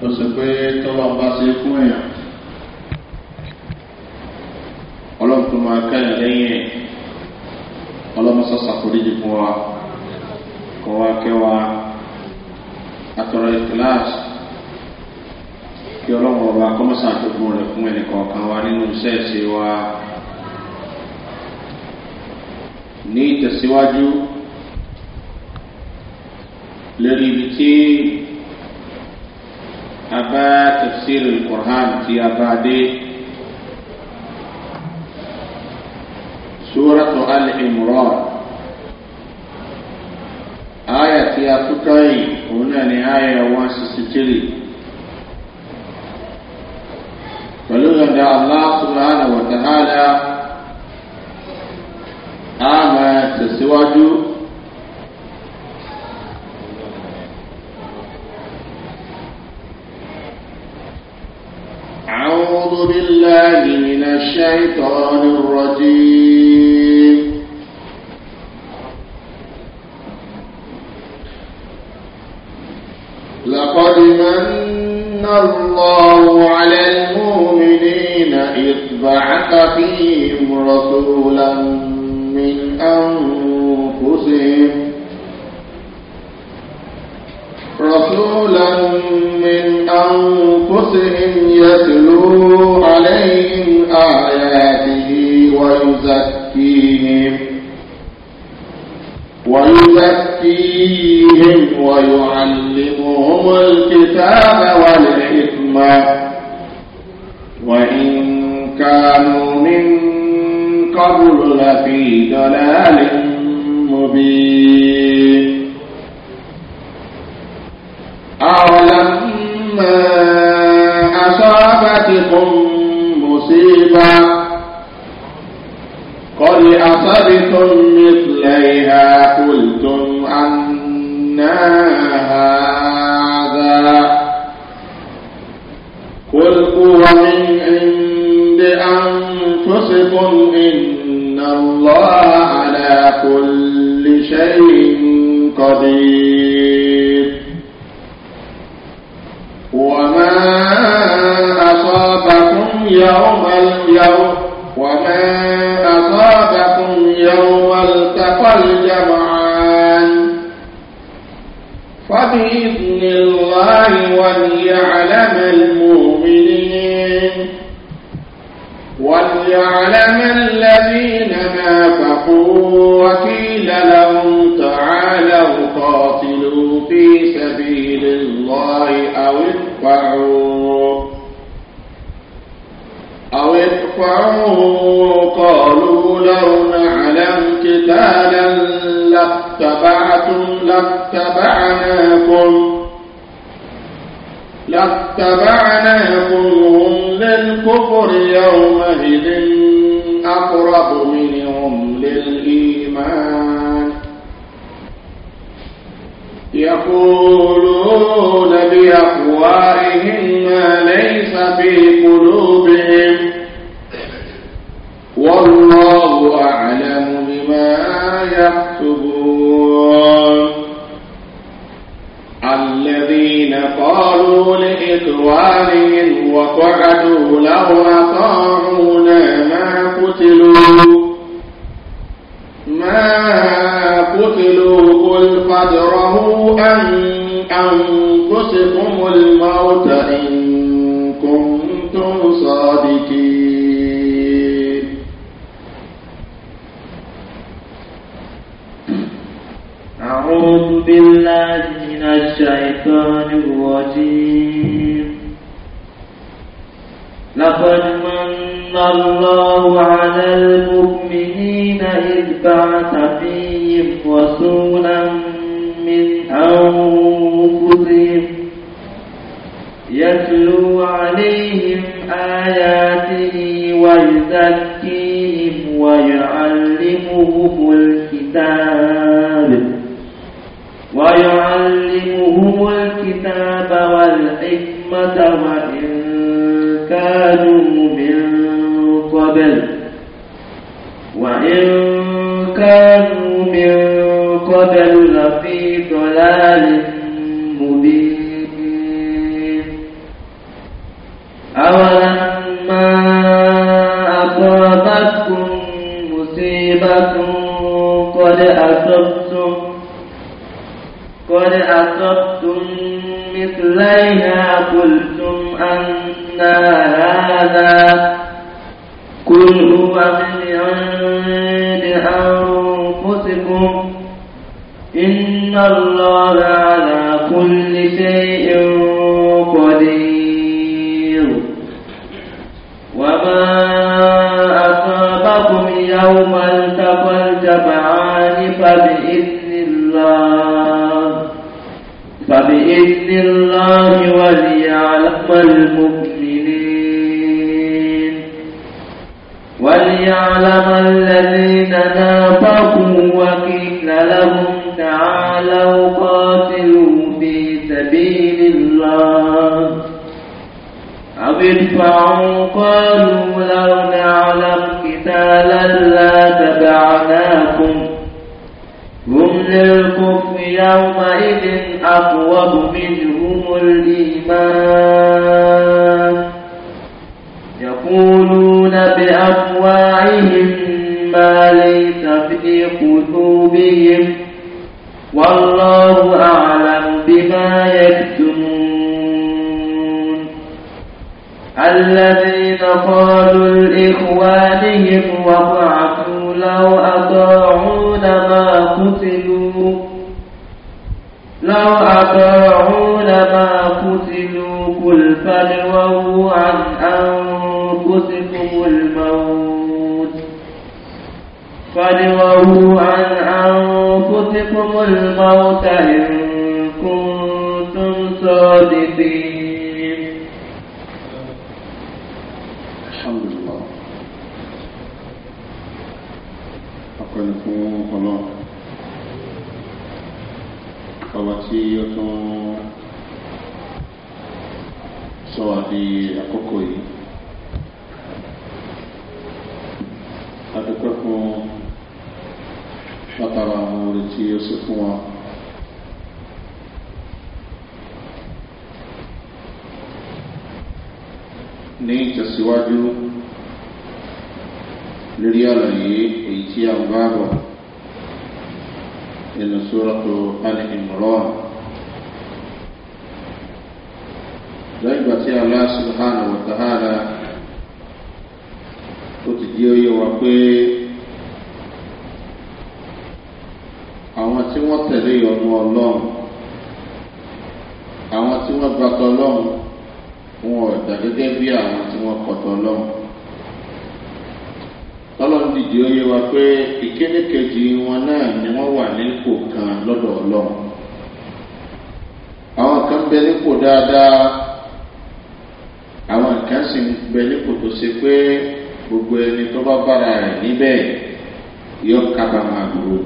tó ṣe pé tọ́lọ́ bá ṣe fún èèyàn ọlọ́run tó máa káyà lẹ́yìn ẹ̀ ọlọ́run sọ́sà kò díje fún wa kọ́ wa kẹwàá àtọ̀rọ̀ ìkíláàsì kí ọlọ́run ọba kọ́mọ́sà gbogbo rẹ̀ fún ẹnìkọ̀ọ̀kan wa nínú iṣẹ́ ìṣe wa ní ìtẹ̀síwájú lórí ibi tí. أبا تفسير القرآن في أبادي سورة آل عمران آية يا فتاي هنا نهاية 163 فلولا الله سبحانه وتعالى آما تسواجه الشيطان الرجيم أرضكم مثليها قلتم أنا هذا قل هو من عند أنفسكم إن الله على كل شيء قدير وما أصابكم يوم اليوم بإذن الله وليعلم المؤمنين وليعلم الذين نافقوا وقيل لهم تعالوا قاتلوا في سبيل الله أو ادفعوا أو ادفعوا قالوا لو نعلم قتالا لَاتَّبَعْنَاكُمْ لاتبعناكم هم للكفر يومئذ أقرب منهم للإيمان يقولون بأقوائهم ما ليس في قلوبهم والله لإخوانهم وقعدوا لو أطاعونا ما قتلوا ما قتلوا قل فادرهوا عن أنفسكم الموت إن كنتم صادقين أعوذ بالله الشيطان الرجيم لقد من الله على المؤمنين إذ بعث فيهم رسولا الأمة وإن كانوا من قبل وإن كانوا من قبل لفي ضلال مبين أولما أصابتكم مصيبة قد أصبتم قد أصبتم مثليها قلتم أن هذا كل هو من عند أنفسكم إن الله على كل شيء قدير وما أصابكم يوم التقى الجبعان فبما بإذن الله وليعلم المؤمنين وليعلم الذين نافقوا وقيل لهم تعالوا قاتلوا في سبيل الله أو ادفعوا قالوا لو نعلم قتالا لا تبعناكم للكفر يومئذ أقوم منهم الإيمان يقولون بأفواههم ما ليس في قلوبهم والله أعلم بما يكتمون الذين قالوا لإخوانهم وضعفوا لو أطاعون ما قتلوا فلووا عن أنفسكم الموت فلووا عن أنفسكم الموت إن كنتم صادقين di àkókò yìí. adúpẹ́ fún látara àwọn orin tí ó sì fún wa. ní ìtẹ̀síwájú lórí àlàyé èyí tí a ń bá bọ̀ nínú sóràtò alẹ́ ìmọ̀ràn. tí aláà subhana wa ta'ala ó ti di oyè wa pé àwọn tí wọ́n tẹ̀lé ìyọnu ọlọ́run àwọn tí wọ́n ọlọ́run wọn ò dà gẹ́gẹ́ bí àwọn tí wọ́n kọ ọlọ́run tọ́lọ́run dìde oyè wa pé ìkéde wọn náà ni wọ́n wà nípò kan kan bẹ nípò sì ń bẹ nípò tó ṣe pé gbogbo ẹni tó bá bára rẹ̀ níbẹ̀ yóò kábàámà dúró.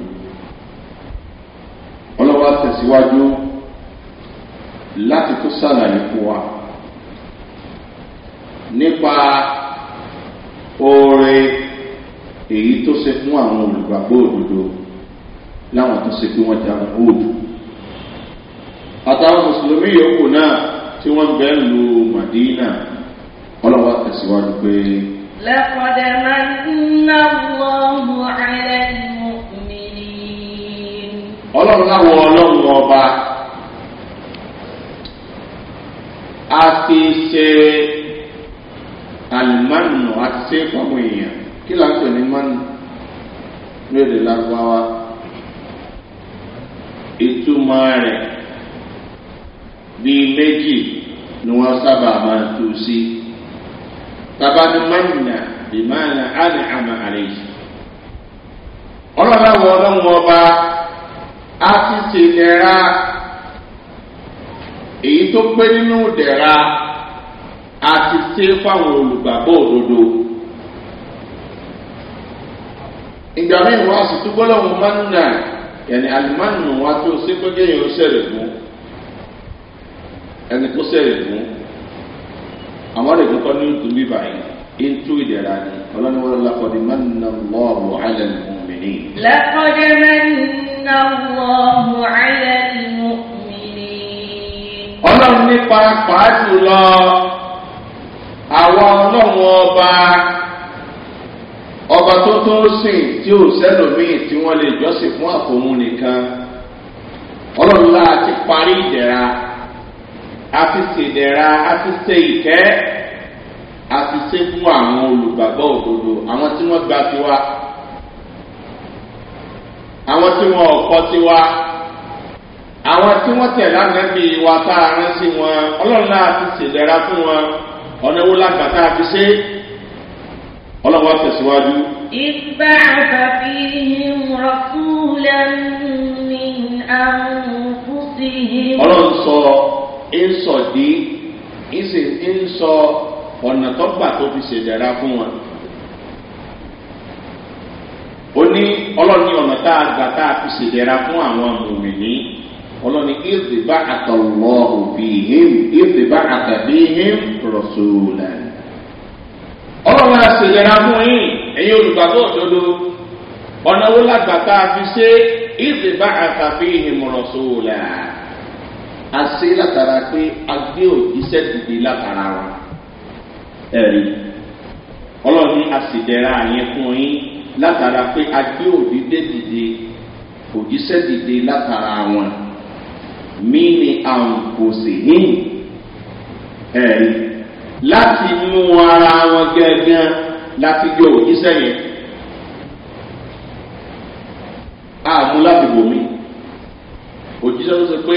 ọlọ́wọ́ tẹ̀síwájú láti tó sàlàyé fún wa nípa oore èyí tó ṣe fún àwọn olùgbàgbọ́ òdodo láwọn tó ṣe pé wọ́n jagun òòlù àtàwọn mùsùlùmí yòókù náà tí wọ́n bẹ́ẹ̀ lu màdínà wọn lọ́wọ́ tẹ̀síwájú pé. lẹ́kọ̀dẹ̀ máa ń ná lọ́wọ́ alẹ́ mọ́kùnrin. ọlọ́run láwọn ọlọ́run ọba a ti ṣe alimánù a ti ṣe fọmọ èèyàn kí là ń pè ní mánù lóde lágbáwá ìtumọ̀ rẹ̀ bíi méjì ni wọ́n sábà máa tú sí. Si tabani manna bimana ani ama ale yi ọlọ́láwọ̀ ọlọ́wọ́ ọba á ti èyí tó pé nínú dẹ́ra á ti fáwọn olùgbàgbọ́ òdodo ìgbà wọn a sì túbọ̀ lọ́wọ́ manna yẹni wa tó ṣe pé kéèyàn ó fún ẹni àwọn ọ̀rẹ́ kíkọ́ ní ìtún bíbá yìí ètò ìdẹ̀ra ni ọlọ́niwọ́n lakọ̀dé mẹ́nà lọ́ọ̀rù alẹ́ mọ̀mìnì. lakọ̀dé mẹ́nà lọ́ọ̀rù alẹ́ mọ̀mìnì. ọlọ́run nípa pàápàá lọ àwọn ọlọ́run ọba ọba tó tó sìn tí ò sẹ́lòmíì tí wọ́n lè jọ́sìn fún àfòun nìkan ọlọ́run láti parí ìdẹ̀ra a ti ṣèdẹ̀ra a ti ṣe ìkẹ́ a ti ṣe fún àwọn olùgbàgbọ́ òdodo àwọn tí wọ́n gba tiwa àwọn tí wọ́n ọ̀kọ́ tiwa àwọn tí wọ́n tẹ̀ lánàá bí wa tá a rán sí wọn ọlọ́run náà ti ṣèdẹ̀ra fún wọn ọ̀nà wo lágbà tá a fi ṣe ọlọ́run wa tẹ̀síwájú. ìgbà àfàfihàn rọ̀kúlẹ̀ mi àwọn kùsì yìí. ọlọ́run sọ ìsọ̀dí ìsì ìsọ ọ̀nà tó gbà tó fi ṣèdára fún wọn. ó ní ọlọ́ni ọ̀nà tá a gbà tá a fi ṣèdára fún àwọn mùmìnì ọlọ́ni ìdìbà àtọ̀wọ́ òbí him ìdìbà àtàbí him rọ̀ṣùlà. ọlọ́run a ṣèdára fún yín ẹ̀yin olùgbàgbọ́ òdodo ọ̀nà wo lágbàtà fi ṣe ìdìbà àtàbí him rọ̀ṣùlà a ṣe látara pé a gbé òjíṣẹ́ dìde látara wa ẹ̀rí ọlọ́ọ̀ni a sì dẹ̀ra yẹn fún yín látara pé a gbé òdìdé dìde òjíṣẹ́ dìde látara wọn mí ni àwọn kò sì hìn ẹ̀rí láti mú ara wọn gẹ́gẹ́ láti gbé òjíṣẹ́ yẹn àmú láti wò mí òjíṣẹ́ pé.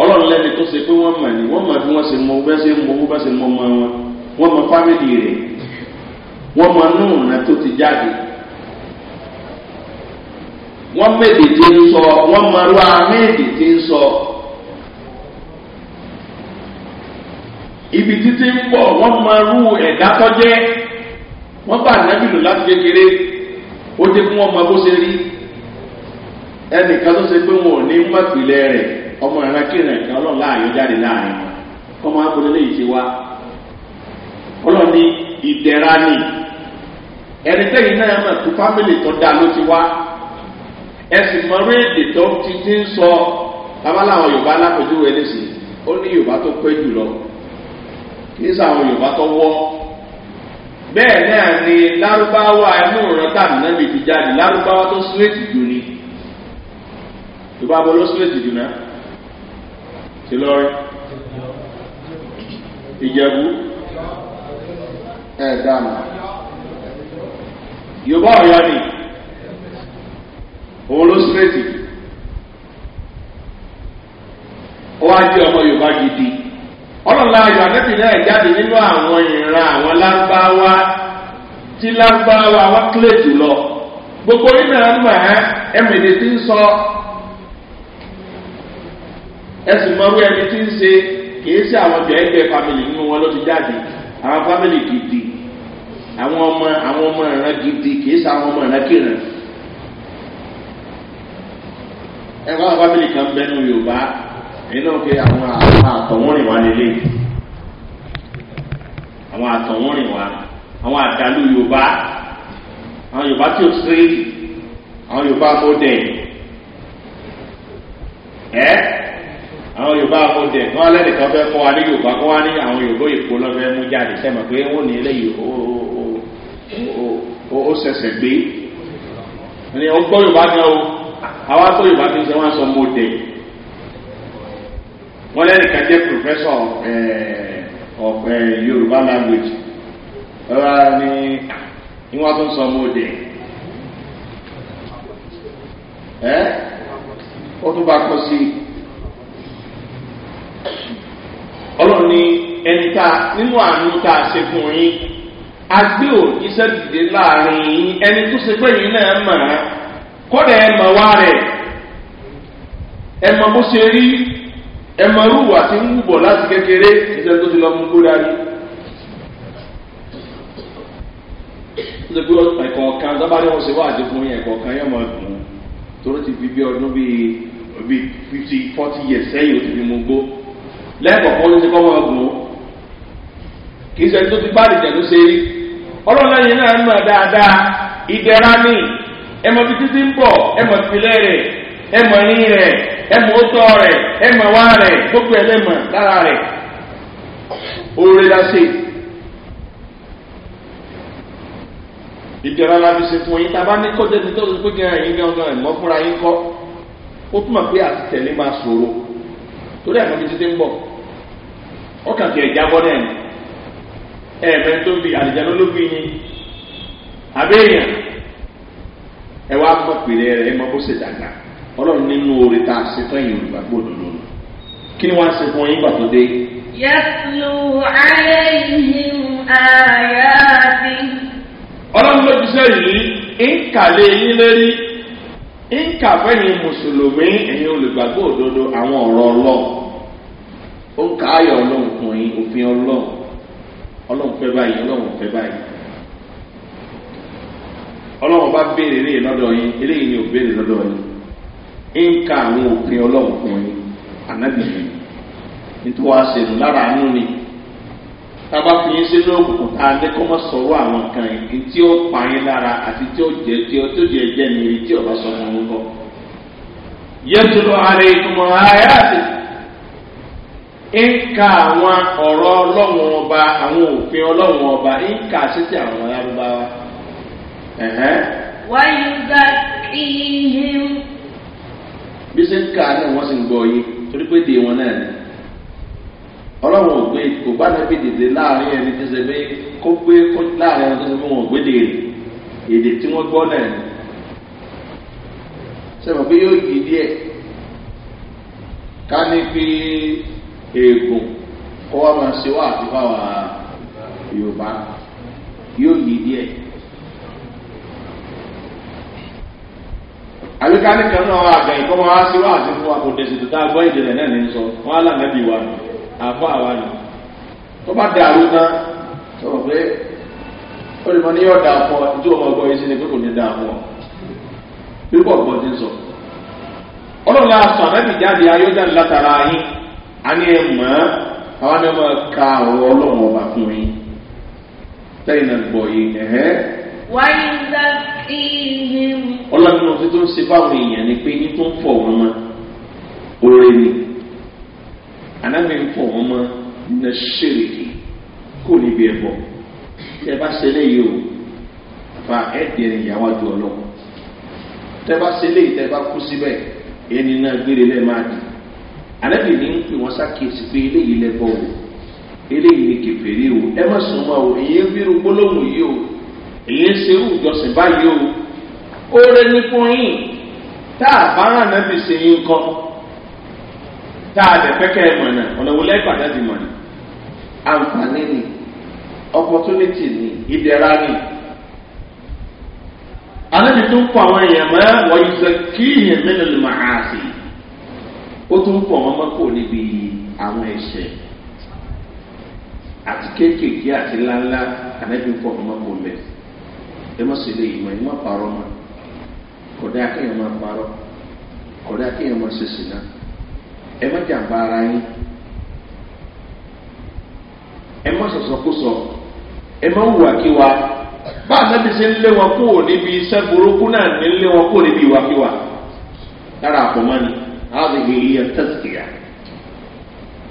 ọlọ́run lẹ́ni tó ṣe pé wọ́n mọ̀ ní wọ́n mọ̀ bí wọ́n ṣe mọ bẹ́ẹ̀ ṣe mọ bẹ́ẹ̀ ṣe mọ ọmọ wọn wọ́n mọ fámìlì rẹ̀ wọ́n mọ inú ọ̀nà tó ti jáde wọ́n méde tí ń sọ wọ́n mọ irú améde tí ń sọ ibi títí ń bọ̀ wọ́n mọ irú ẹ̀dá tọ́jẹ́ wọ́n bá ànábìlò láti kékeré ó dé fún wọn mọ bó ṣe rí ẹnìkan tó ṣe pé wọn ò ní mọ̀ ìpìlẹ̀ rẹ̀. ọmọ ìran kíran ẹ̀kan ọlọ́run láàyò jáde láàrin wọn ọmọ akọni lè ṣe wá ọlọ́run ní ni ẹni tẹ́yìn náà mọ̀ tó fámìlì tó dáa ló ti wá ẹsìn mọ̀rú tó ti ti ń sọ babaláwọn yorùbá alákòjúwe ó ní yorùbá tó kì í yorùbá tó wọ́ bẹ́ẹ̀ ni lárúbáwá inú ìrántà nínú ibi jáde lárúbáwá tó súrètì jù yorùbá bọ́ ló jù náà. tìlọrin ìjẹ̀bú ẹ̀ẹ́dàmà yorùbá ọ̀yọ́ ni òun ló sírètì ó wá jẹ́ ọmọ yorùbá gidi ọlọ́la ayọ̀ àtẹ́tì náà jáde nínú àwọn ìran àwọn lágbáwá tí lágbáwá wá kílè jùlọ gbogbo nínú àwọn ẹ̀mẹ̀dẹ̀ tí ń sọ. ẹsùn mọ́rú ẹni tí ń ṣe kìí ṣe àwọn ọjọ́ ẹgbẹ́ family nínú wọn ló ti jáde àwọn family gidi àwọn ọmọ àwọn ọmọ ìran gidi kìí ṣe àwọn ọmọ kan bẹnu yorùbá nínú pé àwọn àtọ̀wọ́rìn wa àwọn àtọ̀wọ́rìn wa àwọn yorùbá àwọn yorùbá tí àwọn yorùbá àkójẹ kí wọn lẹ́nu kan fẹ́ kọ́ wa ní yorùbá kó wa ní àwọn yorùbá èkó lọ́fẹ́ mú jáde sẹ́mi pé ó ní eléyìí ó sẹ̀sẹ̀ gbé ẹni ó gbọ́ yorùbá náà o àwa tó yorùbá fi ṣe wọn sọ mo dé wọn lẹ́nu kan jẹ́ professor eh, of eh, yorùbá language ọ̀rọ̀ ni ni wọ́n tún sọ mo dé ẹ́ eh? ó tún bá kọ́ sí i ọlọ́run ní ẹni tá nínú àánú tá a ṣe fún yín a gbé òjíṣẹ́ dìde láàrin yín ẹni tó ṣe pé yín náà mọ̀ á kọ́dà ẹ mọ̀ wá rẹ̀ ẹ mọ̀ bó ṣe rí ẹ mọ̀ rúwà tí ń wúbọ̀ láti kékeré ìṣẹ́ tó ti lọ mú kó darí. ṣe pé ẹ̀kọ́ kan sábà ní wọ́n ṣe wá àdínkù yẹn ẹ̀kọ́ kan yẹn mọ̀ ẹ̀kún torí ti fi bí ọdún bíi fifty forty years sẹ́yìn ó ti fi mú gbó. lẹ́ẹ̀kọ̀kan ló ti kọ́ wọn gùn ó kì í ṣe tó ti bá àdìjẹ́ ló ṣe rí ọlọ́run yìí náà mọ̀ dáadáa ìdẹ́ra ní ẹmọ bí títí ń bọ̀ ẹmọ ìpìlẹ̀ rẹ̀ ẹmọ rẹ̀ ẹmọ rẹ̀ ẹmọ wá rẹ̀ gbogbo ẹ̀ lẹ́mọ̀ lára rẹ̀ oore la ṣe ìdẹ́ra la fi ṣe fún yín tàbá ní kọ́jẹ́ ti tó ti pé kí ẹ̀yin torí ẹ̀mọ́ bíi títí ń bọ̀ ọkàn tiẹ̀ jábọ́ náà ni ẹ̀ẹ̀mẹ́ tó bi àlìjáná ló bí yín àbẹ́yàn ẹ wá mọ̀ pèrè rẹ̀ ẹ mọ̀ bó ṣe dàgbà ọlọ́run nínú oore tá a ṣe fún ẹ̀yìn olùgbà gbòdò lónìí kí ni wọ́n á ṣe fún yín gbàtọ́ dé. yẹ́sù ayé yìí àyà ti. ọlọ́run ló ti sẹ́yìn ń kàlẹ́ yín lérí nka fẹ́yìn mùsùlùmí ẹ̀yin olùgbàgbọ́ òdodo àwọn ọ̀rọ̀ ọlọ́ọ̀ ó ń ka ayọ̀ ọlọ́run kùn yín òfin ọlọ́ọ̀ ọlọ́run fẹ́ báyìí ọlọ́run fẹ́ báyìí ọlọ́run bá béèrè eléyìí lọ́dọ̀ yín eléyìí ni ò béèrè lọ́dọ̀ yín nka àwọn òfin ọlọ́run kùn yín ànábìyí nítorí wàá ṣèlú lára àánú ni. tába fi yín sínú òkùnkùn tá a ní kó mọ̀ sọ̀rọ̀ àwọn kan yìí tí ó pa lára àti tí ó jẹ́ tí ó tó jẹ́ jẹ́ ní ibi tí ọba sọ fún yín yẹtùlọ ààrẹ ìtumọ̀ ààyè àti nka àwọn ọ̀rọ̀ ọlọ́wọ́n ọba àwọn òfin ọlọ́wọ́n bí sẹ́ńkà náà wọ́n sì ń gbọ́ yín torí pé dè wọn náà ni. ọlọ́run ògbé kò bá nàbí dìde láàrin ẹni tó ṣe kó gbé láàrin ẹni tó ṣe wọn ògbé dèrè èdè tí wọ́n gbọ́ náà ni sẹ́mi pé yóò yí díẹ̀ ká ní pé èègùn kó wá máa ṣe wá àti fáwọn yorùbá yóò yí díẹ̀. àbíká ní kan náà wà àgbẹ̀yìn kó máa wá sí wá àti fún wa kò dẹ̀sìtò tá a gbọ́ ìdílé náà ní sọ wọ́n á lànà bí wa àbá àwa ni tó bá dàrú náà sọ̀rọ̀ pé ó lè mọ ọ yìí sí ni pé kò ní dáa ọ bí ti ń sọ. sọ jáde ayọ́jáde látara yín a ní ẹ mọ̀ ọ́ àwọn ọmọ ka ọ̀rọ̀ ọba fún yín lẹ́yìn náà gbọ́ yìí ẹ̀hẹ́. wáyé kí ni. ọlọ́run tó ń anábì ń fọ wọn mọ ní ṣèrèké kó níbi tẹ bá ṣe léyìí o fa ẹ̀dẹ̀ ìyàwó àjọ lọ tẹ bá ṣe léyìí tẹ bá kú síbẹ̀ ẹni náà gbére lẹ́ẹ̀ máa dì anábì ní ń pè wọ́n sákèsì pé eléyìí lẹ́bọ̀ o eléyìí ni kẹfẹ́rí o ẹ má sùn mọ́ o èyí ń bírú gbólóhùn yìí o èyí ń ṣerú báyìí o ó rẹ ní fún tá a bá rán anábì yín kan tá a dẹ̀ fẹ́ kẹ́ ẹ mọ̀nà ọ̀nà wo lẹ́gbàá láti mọ̀nà àǹfààní ni opportunity ni ìdẹ̀ra ni anabi tó ń kọ àwọn èèyàn mọ́ wọ́n yìí sọ kí èèyàn mẹ́rin lè máa hà sí ó tó ń kọ wọn mọ́kò níbi àwọn ẹ̀ṣẹ̀ àti kéékèèké àti ńláńlá anabi ń kọ wọn mọ́kò mẹ́ ẹ má sì lè yìmọ̀ ẹ má parọ́ mọ́ kọ̀dá ẹ má jàǹbá ara yín ẹ má sọ̀sọ̀kúsọ ẹ má wùwàkíwà bá àtẹ́bí ṣe ń lé wọn kúrò níbi iṣẹ́ burúkú náà ní wọn kúrò níbi ìwàkíwà lára àpòmọ́ ni láti fi iye tẹ́síkìyà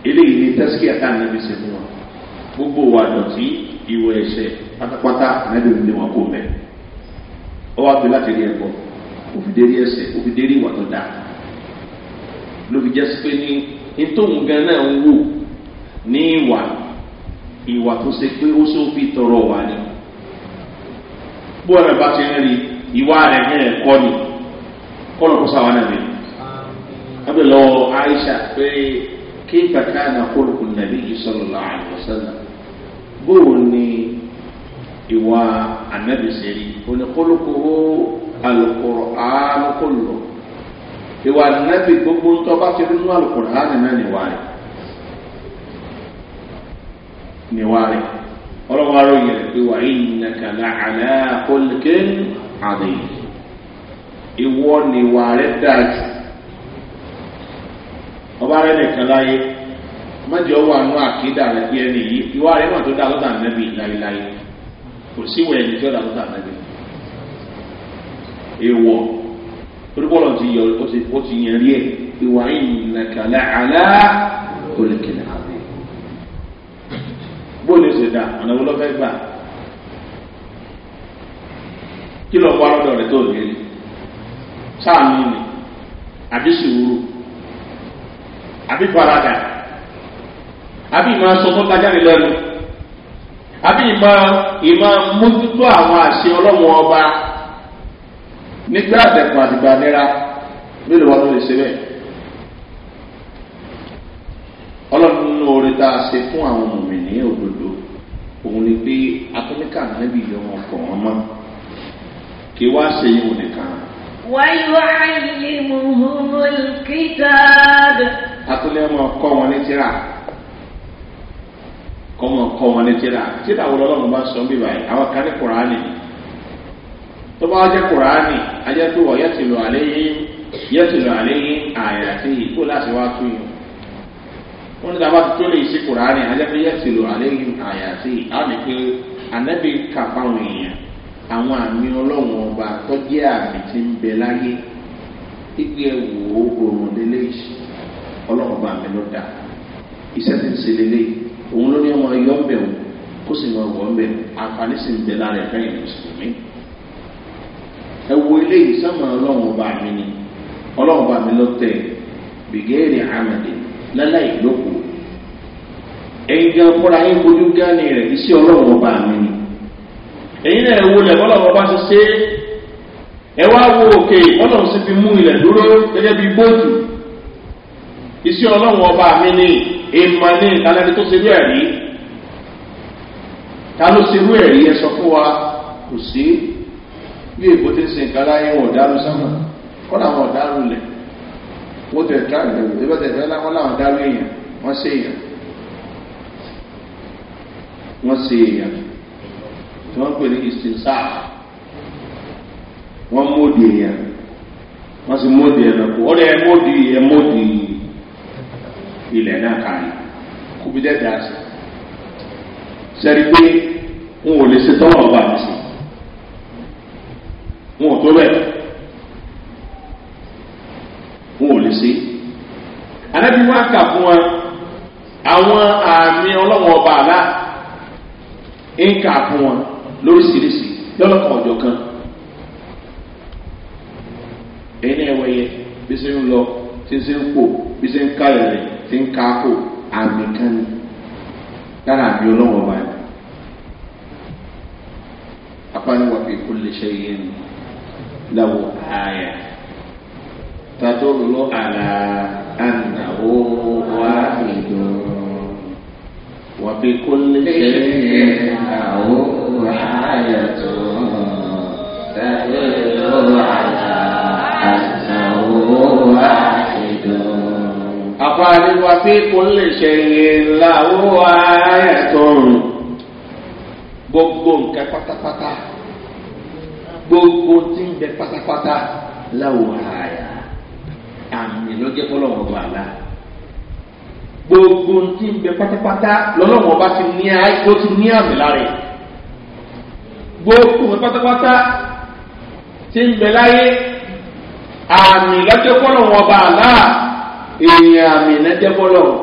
eléyìí ni tẹ́síkìyà tá wọn gbogbo wa ìwọ pátápátá wọn ọ wá fi láti rí ẹ̀kọ́ òfìdérí ẹ̀ṣẹ̀ òfìdérí ló fi jẹ́ sí pé ní nítòhùn gan náà ń wò ní ìwà ìwà tó ṣe pé ó ṣó fi tọrọ wà ní. bóyá bá ti rí ìwà rẹ̀ ní ẹ̀kọ́ ni kọ́nà kó sáwọn náà mi. wọ́n lọ aisha pé kí kàkà náà kólókò nàbí yìí sọ̀rọ̀ láàrin ọ̀sán bóò ni ìwà ànábìsẹ̀rí oníkólókò alukoro alukolo ìwà nẹ́bì gbogbo ń tọ́ bá ṣe nínú àlùkùrọ̀ hánì náà nìwà rẹ̀ nìwà rẹ̀ ọlọ́wọ́ arọ yẹn pé wà ìyìnà kàlà àlẹ́ àkọlùkẹ́ àdè ìwọ nìwà rẹ̀ dáa jù ọba rẹ̀ nìkan láyé mọ́jọ́ wà nù àkídà rẹ̀ pé ẹni yìí ìwà rẹ̀ mà tó dáa lọ́dà nẹ́bì láyéláyé kò síwèé ẹni tó dáa lọ́dà nẹ́bì ìwọ torípọ̀lọ̀ ti yọ ó ti yẹn rí ẹ̀ ìwà ìnàkàlà àlá olùkìlà àbẹ̀. bó lè ṣe dá ọ̀nà wo ló fẹ́ gbà kí lọ wá lọ́dọ̀ rẹ̀ tó lè rí sáàmì ni àbí sùúrù àbí farada àbí ìmọ̀ aṣọ tó tajáde lẹ́nu àbí ìmọ̀ ìmọ̀ mójútó àwọn àṣẹ ọlọ́mọ ọba nígbà àtẹ̀kùn àdìgbà nira mélòó wọn ló lè ṣe bẹ́ẹ̀. ọlọ́run nínú oore tá a ṣe fún àwọn ọmọọmọ ní òdodo òun ni pé akọ́níkà níbi ìyọmọ kọ̀ wọ́n mọ́ kí wá ṣe yíwò nìkan. wáyọ̀ àìlèmùhùnmùl kìtàbù. akọ́lẹ́ ọmọ kọ́ wọn ní tíra kọ́ wọn kọ́ wọn ní tíra tíra wo lọ́lọ́run bá sọ ń bíbáyìí àwọn kan ní kùránì ni tó bá jẹ́ kùránì ajẹ́ pé wọ́n yẹ́tìlò àléyìn àyà àti ìkó láti wá tún yìí wọ́n ní dábàá tó lè ṣe kùránì ajẹ́ pé yẹ́tìlò àléyìn àyà àti àmì pé ànẹ́bí kà fáwọn èèyàn àwọn àmì ọlọ́run ọba tó jẹ́ àmì tí ń bẹ láyé ìgbé wò ó òrùn lélẹ́ yìí ọba mi ló dà iṣẹ́ ti ń ṣe lélẹ́ òun ló ní ọmọ ẹyọ ń bẹ̀ kó sì mọ ọgbọ̀n bẹ̀ àǹfààní sì ń bẹ lára ẹ̀fẹ́ ìmùsùlùmí ẹwọ eléyìí sọmọ ọlọrun ọba mi ni ọlọrun ọba mi lọ tẹ bìgẹ́rì amadi láláì lóko ẹyin gan fúnra yín fojú gánì rẹ iṣẹ ọlọrun ọba mi ni ẹyin náà ẹwọ lẹ ọlọrun ọba ṣe ṣe ẹ wá wo òkè ọlọrun sì fi mú ilẹ̀ dúró gẹ́gẹ́ bí bóòtù iṣẹ ọlọrun ọba mi ni èèmọ ní ìtàlẹ́ni tó ṣe bí ẹ̀rí ta ló ṣe wú ẹ̀rí ẹ sọ fún wa kò sí. bí èkó tí ń sin nǹkan sánmà kọ́ làwọn ọ̀daràn lẹ̀ wọ́n tẹ̀ tíráì lẹ̀ wọ́n tẹ̀ fẹ́ láwọn làwọn èèyàn wọ́n ṣe èèyàn wọ́n ṣe èèyàn tí wọ́n pè ní ìsìnsáà wọ́n mọ́ọ̀dì èèyàn wọ́n sì ẹ̀ ilẹ̀ náà dẹ́ sí sẹ́ni pé lè ṣe tọ́wọ́ wọn ò tó bẹ́ẹ̀ wọn ò lè ṣe. anábì wá kà fún wa àwọn àmì ọlọ́wọ́n ọba àlá ń kà fún wọn lóríṣiríṣi lọ́lọ́kan ọ̀jọ̀ kan ẹni ẹ̀wẹ̀ yẹ bí ṣe ń lọ tí ń ṣe ń pò bí ṣe ń ká ìrìn tí ń ká kò àmì kan ni lára àmì ọlọ́wọ́n ọba ni apá ni wà fi kú lè ṣe iye nù. له آية تدل على أنه واحد وبكل شيء له آية تدل على أنه واحد أقال وفي كل شيء له آية gbogbo nǹkan pátápátá gbogbo tí ń bẹ pátápátá láwùrán àyà àmì lọ́jẹ́ fọlọ́wọ́n bá la gbogbo tí ń bẹ pátápátá lọ́lọ́wọ́n bá ti ní àyè ó ti ní àmì lára ẹ̀ gbogbo pátápátá tí ń bẹ láyé àmì lọ́jẹ́ fọlọ́wọ́n bá la èèyàn àmì lọ́jẹ́ fọlọ́wọ́n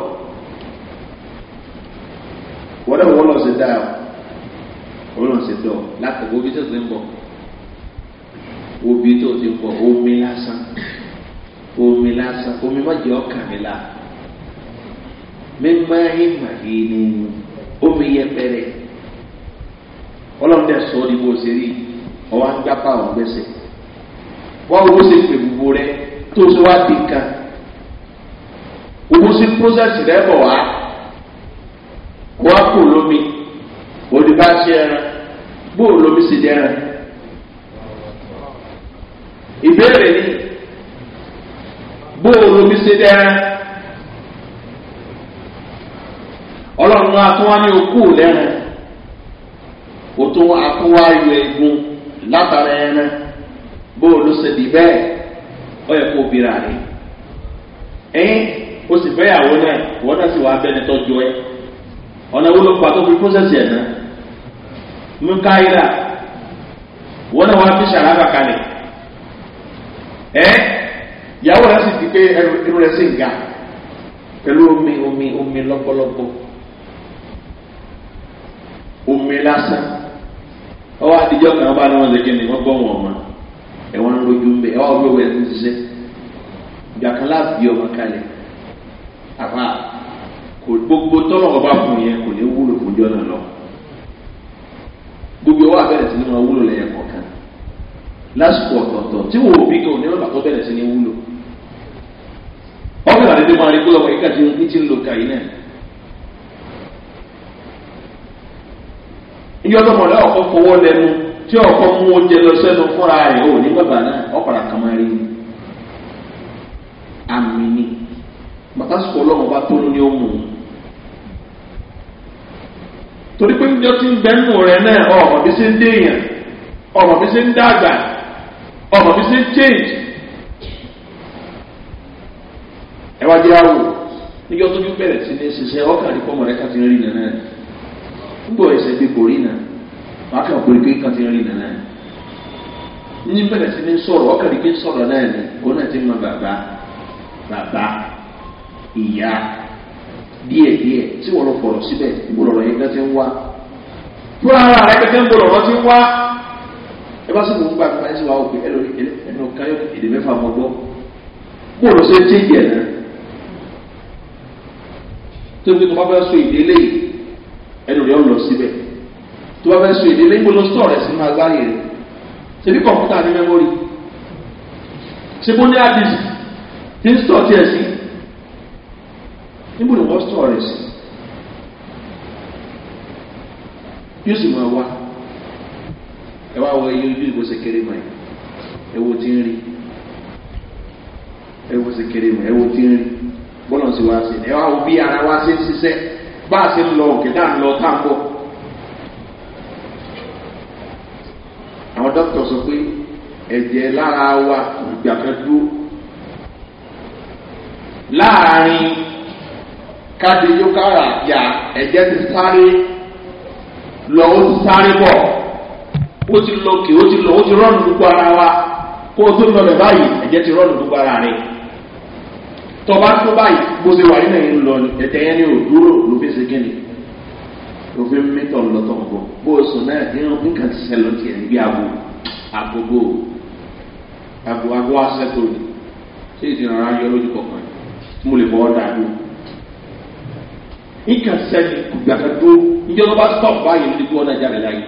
wọ́n dẹ̀ wọ́n lọ sí dáa wọ́n lọ sí dọ̀ látàgbọ́ bí sẹ́sẹ̀ ń bọ̀ obi tó ti fọ omi lásán omi lásán omi má jẹ́ ọkàn mi la mímọ́ ìmọ̀ yìí ni omi yẹ pẹ́rẹ́ ọlọ́run tẹ̀ sọ ní bó ṣe rí ọwọ́ agbápá ọ̀hún gbèsè wọ́n owó ṣe pè gbogbo rẹ tó ṣe wá di kan owó ṣe pósẹ̀sì rẹ bọ̀ wá wọ́n kò lómi òdìbá ṣe ẹran bó lómi ṣe dẹ́ran. ìbéèrè ni bóòlù omi ṣe bụ ọlọ́run atúnwá ní okú lẹ́rẹ̀ o tún atúnwá yọ egun látara ẹran bóòlù di bẹ́ẹ̀ ọ yẹ kó bira rẹ̀ ẹ̀yìn o sì fẹ́ yàwó náà wọ́n náà sì wá bẹ́ẹ̀ ní tọ́jú ẹ ọ̀nà wo ló pa fi ẹ̀ náà mú ẹ́ ìyàwó rẹ̀ sì ti pé irun rẹ̀ sì ń ga pẹ̀lú omi omi omi lọ́gbọ́lọ́gbọ́ omi lásán ọwọ́ àdìjọ́ kan bá ní wọ́n ṣe kí ni wọ́n bọ́ wọn ọmọ ẹ̀wọ̀n ń rojú ń bẹ ẹ̀wọ̀n ọgbẹ́ wẹ̀ ń ṣiṣẹ́ ìgbà kan láàbí ọmọ kalẹ̀ àfa kò gbogbo tọ́lọ̀ ọba fún yẹn kò ní wúlò fún jọ́nà lọ gbogbo ọwọ́ àbẹ̀rẹ̀ sí ni wọ́n wúlò lẹ́yìn kọ́. lásìkò ọ̀tọ̀ọ̀tọ̀ tí wò ó bí gan ní ọ̀nà tó bẹ̀rẹ̀ sí ní wúlò ọ̀gbìn àdédé máa rí pé ọmọ ìka ti ti ń lo ọkọ fọwọ lẹnu tí ọkọ mú oúnjẹ lọ sẹ́nu fúnra ò ní bàbá náà kan máa rí ni. àmì ni bàtàsíkò ọlọ́mọ bá tó ní ó mú torí pé ọmọ mi ṣe change ẹ wá jẹ́ àwò níjọ́ tó tún bẹ̀rẹ̀ sí ní ṣiṣẹ́ ọkàn ní pọ́nmọ̀ rẹ kàtí rí nàná nígbà ẹsẹ̀ bí kò rí nà wàá kàn pé pé kàtí rí nàná ní bẹ̀rẹ̀ sí ní sọ̀rọ̀ ọkàn ní pé sọ̀rọ̀ náà ni òun náà ti mọ bàbá bàbá ìyá díẹ̀ díẹ̀ tí wọ́n lọ fọ̀rọ̀ síbẹ̀ ìgbòlọ̀rọ̀ yẹn kàn ń wá fúnra rẹ̀ kẹ́kẹ́ ń gbòlọ̀rọ̀ ti wá ẹ bá sọ̀rọ̀ nípa àgbà ẹ̀sìn wa òkè ẹ̀rọ kékeré ẹ̀nu káyọ̀ èdè mẹ́fà mọ́ gbọ́ bó ló ṣe ń tí ìjẹ̀ náà tó fi tó bá fẹ́ so ìdílé yìí ẹnu rẹ̀ ń lọ síbẹ̀ tó bá fẹ́ so ìdílé yìí gbọ́dọ̀ sọ̀rọ̀ ẹ̀sìn máa láyè rẹ̀ ṣe bí kọ̀ǹpútà ní mẹ́mórì ṣe bó ní àdìsí tí ń sọ̀ tiẹ̀ sí níbo ni wọ́n sọ̀rọ̀ ẹ̀sìn yóò sì máa wá ẹ wá wọ iye ojú ìbò ṣe kéré mọ́ ẹ ewo ti ń rí ewo ṣe kéré mọ́ ewo ti ń rí bọ́lá ṣe wá sí ẹ wá wo bí ara wá ṣe ń bá a ṣe ń lọ òkè dáa ń lọ tá à ń bọ̀. àwọn dókítà sọ pé ẹ̀jẹ̀ lára wa ìgbà kan dúró láàrin kádìyókàrà yà ẹ̀jẹ̀ ti sáré lọ ó ti sáré bọ̀ ó ti lọ òkè ó ti lọ ó ti rọ́ọ̀nù gbogbo ara wa kó o tó lọ bẹ̀ báyìí ẹ̀jẹ̀ ti rọ́ọ̀nù gbogbo ara rẹ̀ tọba tó báyìí bó ṣe wà nínú yìí lọ ẹ̀jẹ̀ yẹn ni òdúró ló fi ṣe kíni ló fi mítọ̀ lọ́tọ̀ gbọ́ bó o sùn náà nǹkan ti ṣẹlẹ̀ tiẹ̀ níbi àgbo àgbogbò àgbo àgbo àṣẹ́tò ni ṣé ìdìrán ayọ́ lójú kọ̀ọ̀kan mo lè bọ́ dájú nǹkan ṣẹlẹ̀ kùgbàgbọ́ ìjọba stop báyìí ló ti gbọ́ ọ̀nà jáde láyé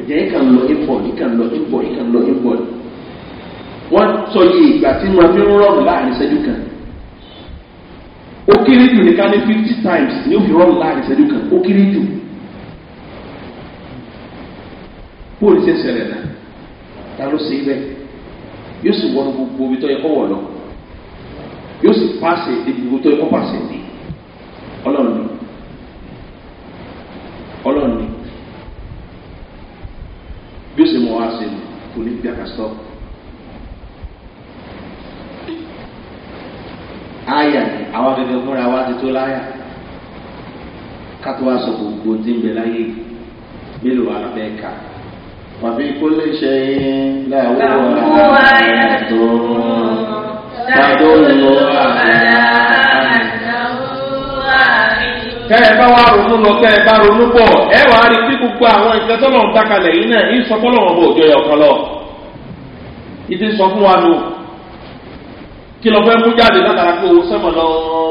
ẹ̀jẹ̀ yìí kàn lọ ipò yìí kàn lọ ipò yìí kàn lọ ipò wọ́n sọ yìí ìgbà tí wọ́n fi ń rọrùn láàrin ìṣẹ́jú kan ó kéré jù ní ká ní fifty times ní ó fi rọrùn láàrin ìṣẹ́jú kan ó kéré jù bóòlù ṣe ṣẹlẹ̀ náà ta ló ṣe bẹ́ẹ̀ yóò sì wọ́n gbogbo ibi tó yẹ kó wọ̀ lọ yóò sì pàṣẹ ibi e gbogbo tó yẹ kó pàṣẹ ní e ọlọ́run ní. kò ní gbà ká stop. Aya ni àwa gẹ́gẹ́ fúnra wa ti tó láyà kátó wa sọ gbogbo tí ń bẹ láyé mélòó wa fẹ́ kà. Wàbí kó lè ṣe láwùrọ̀ àyàtọ̀. Sàdó ló àyà tẹ́ ẹ bá wá ronú lọ tẹ́ ẹ bá ronú bọ̀ ẹ wàá rí sí gbogbo àwọn ìfẹ́ tọ́lọ̀ ń takalẹ̀ yìí náà yìí sọpọ́lọ̀ wọn bò jọ ọ̀kan lọ. ìdí sọ fún wa nù kí lọ fẹ́ mú jáde látara pé owó sẹ́mọ̀ lọ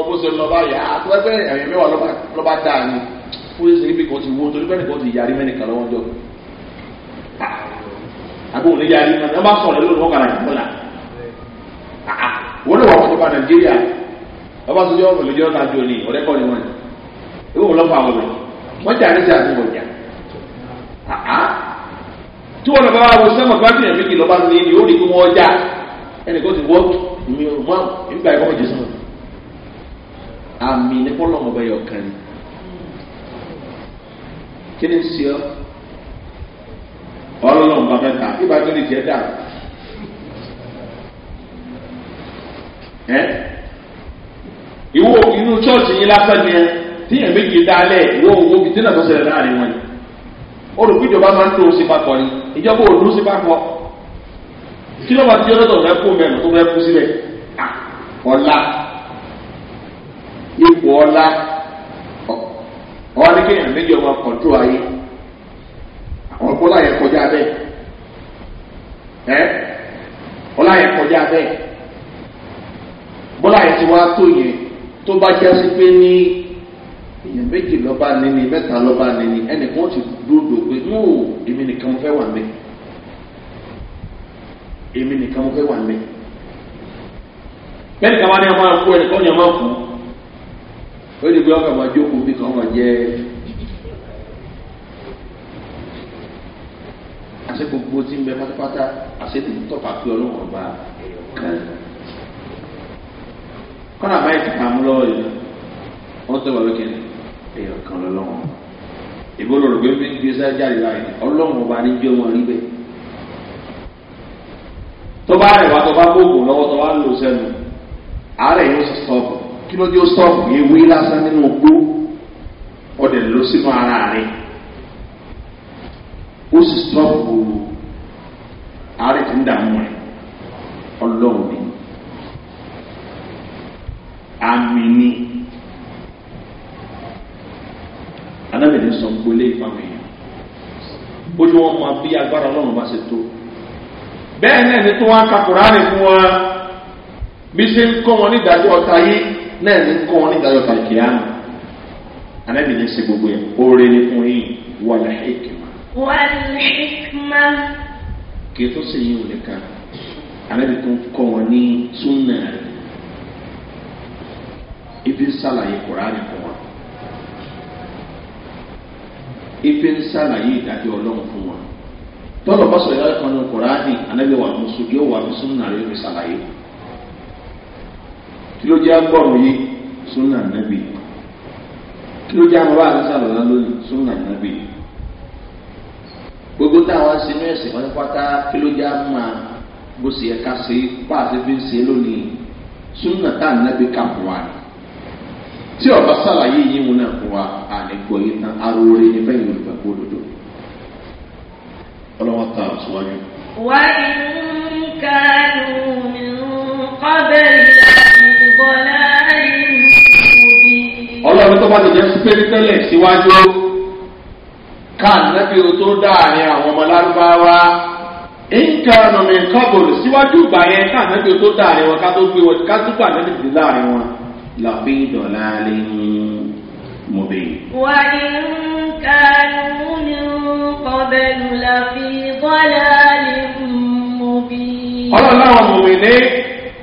bó ṣe lọ báyà àtúwẹ́fẹ́ ẹ̀yìn mẹ́wàá lọ́ba dáa ni ó ṣe ibi kan ti wo torí bẹ́ẹ̀ nìkan ti yarí mẹ́nìkan lọ́wọ́ jọ. Ah, àbúrò ní yarí náà wọ́n bá sọ̀rọ̀ lónìí wọ́n kàrà ìmúlà ah, ah, wọ́n lè wà fún ọba nàìjíríà ọba sọ́jọ́ ọ̀rọ̀ lè jẹ́ ọ̀tá jọ ni ọ̀rẹ́kọ̀ ni wọ́n ni ìwọ lọ́pọ̀ àwọn ọmọ wọ́n jà ní sí àbúrò jà tí wọ́n lọ bá wà wọ sẹ́mọ̀ bá bìnrin méjì lọ́ba ní ni ó rí kí wọ́n jà ẹnì kan ti wọ́ mi ò mọ́ nígbà ìwọ́n jẹ àmì ní kọ́ lọ́mọ bẹ́ẹ̀ ọ̀kan ni kí ni ń ọ́ ọlọ́run bá ta ibà tó lè jẹ́ dà ẹ́ ìwọ inú chọ́ọ̀tì yín lásán ni ẹ́ tíyẹn méjì dálẹ̀ yóò wo bìtínà tó ṣẹlẹ̀ láàrin wọn yìí olùkújọba máa ń tó o sí papọ̀ ni o ò dúró sí papọ̀ kí ló bá ti ọlọ́dọ̀ rẹ kó mẹ́rin tó fẹ́ kú sílẹ̀ ọ̀la ipò ọ̀la ọ̀la ní kéèyàn méjì ọmọ kọ̀tó ayé àwọn ọ̀la yẹn kọjá bẹ́ẹ̀ ẹ́ ọ̀la yẹn kọjá bẹ́ẹ̀ bọ́lá yẹn ti wá tó yẹn tó bá jẹ́ pé ní èèyàn méjì lọ́ba níní mẹ́ta lọ́ba níní ẹnìkan ti dúró pé mú o èmi nìkan mo fẹ́ wà mí èmi nìkan mo fẹ́ wà mí bẹ́ẹ̀ kàwá ni a máa kú ẹnìkan ni a máa kú ó lè gbé ọkọ̀ máa jókòó bí kan máa jẹ́ àṣẹ gbogbo tí ń bẹ pátápátá àṣẹ tó ń tọ́ka pé ọlọ́run ọba kan kọ́nà báyìí ti kà á mú lọ́wọ́ yìí wọ́n tẹ́ lókè ní èèyàn kan lọ́lọ́wọ́n ìbò lọ́rọ̀ pé mi ń gbé sájáde láyé ọlọ́run ọba ní jẹ́ wọn rí bẹ́ẹ̀ tó bá rẹ̀ wá tó bá gbóògùn lọ́wọ́ tó bá ń lò sẹ́nu àárẹ̀ yóò sì sọ́ọ̀bù kí ló dé ó sọ́ọ̀bù ewé lásán nínú ogbó ọ̀dẹ̀ ló sínú ara rẹ̀ ó sì sọ́ọ̀bù àárẹ̀ tí ń dààmú rẹ̀ ọlọ́run ni àmì ni. anábìrin sọ gbogbo ilé ìpamọ́ èèyàn ó ní wọn máa bí agbára ọlọ́run bá ṣe tó bẹ́ẹ̀ náà ni tó wá ka kùránì fún wa bí ṣe ń kọ́ wọn nídàájọ́ ọ̀tá yìí náà ni ń kọ́ wọn nídàájọ́ ọ̀tá kìíyàmù anábìrin ṣe gbogbo ẹ̀ oore ni fún yín wàlẹ̀ hekima. wàlẹ̀ hekima. kì í tó ṣe yín ò lè ka tó ń kọ́ wọn ní túnà ibi ń ṣàlàyé kùránì fún ife ń sàlàyé ìdájọ́ ọlọ́run fún wa tọ́lọ̀ bá sọ̀rọ̀ yàrá kan ní kùránì anábẹ́ wà mùsùn yóò wà mí súnà rẹ̀ fi sàlàyé kí ló jẹ́ agbọ́rùn yìí súnà nábì kí ló jẹ́ àwọn bá àti sàlọ́lá lónìí súnà nábì gbogbo táwa ṣe ní ẹ̀sìn wọn pátá kí ló jẹ́ àmà bó ṣe yẹ ká ṣe pàṣẹ fi ń ṣe lónìí súnà tá ànábì kà fún wa ni tí ọba sàlàyé yín wọn náà fún wa àlẹgbọ yín tán aróore ní fẹyìn olùgbàgbọ òdodo ọlọwọ ta àtúwájú. wà á ń ka lómi kọ́bẹ̀ ìbọ̀lá ìlúbi. ọlọ́run tó bá ti jẹ́ sípérí tẹ́lẹ̀ síwájú káànábì o tó dáàrin àwọn ọmọ lárúbáwá nǹkan ọ̀nà síwájú ìgbà yẹn káànábì o tó dáàrin wọn ká tó gbé wọn ká tó gbà náà láàrin wọn. لفي ضلال مبين وإن كانوا من قبل لفي ضلال مبين قال الله مؤمنين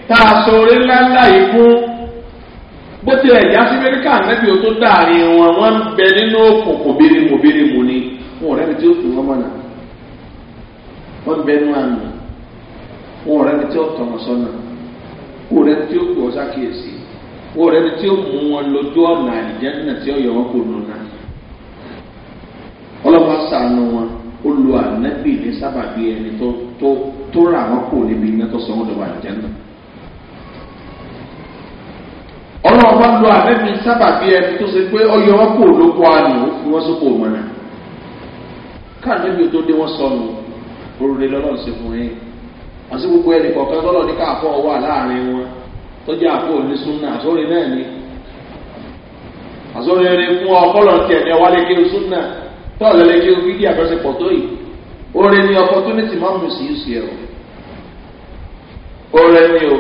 تاسوري لله يكون bó tilẹ̀ ìyá sí mẹ́ríkà nẹ́bí o tó dáàrin wọn wọ́n ń bẹ nínú òkùnkùn bírimùbírimù ni wọn ọ̀rẹ́ni tí ó fi wọ́n mọ̀nà wọ́n ń bẹ nínú àmì wọn ọ̀rẹ́ni tí ó tọ̀nà sọ́nà wọn ọ̀rẹ́ni tí ó pè ọ́ sákìyèsí wọ́n rẹ̀ ni tí ó mú wọn lójú ọ̀nà àdìjẹ́nà tí ó yọ wọn kò nù náà ọlọ́wọ́ sànù wọn ó lo ànábì ní sábàbí ẹni tó tó tó rà wọn kò níbi iná tó sọ wọn lọ́wọ́ àdìjẹ́nà ọlọ́wọ́ bá lo ànábì sábàbí ẹni tó ṣe pé ó yọ wọn kò lóko àná ó fi wọn sóko wọn náà káàdébí tó dé wọn sọnù oríire lọ́lọ́run fún yín àti gbogbo ẹnì kọ̀ọ̀kan lọ́lọ́ tó jẹ́ àpò onísúnà àsórí náà ni àsórí rẹ fún ọpọlọ tiẹ̀ ní ọwálé kí o súnà tó ọ̀lẹ́lẹ́ kí o fídí àfẹsẹ̀pọ̀ tó yìí oore ni opportunity máa mú sí sí ẹ o oore ni o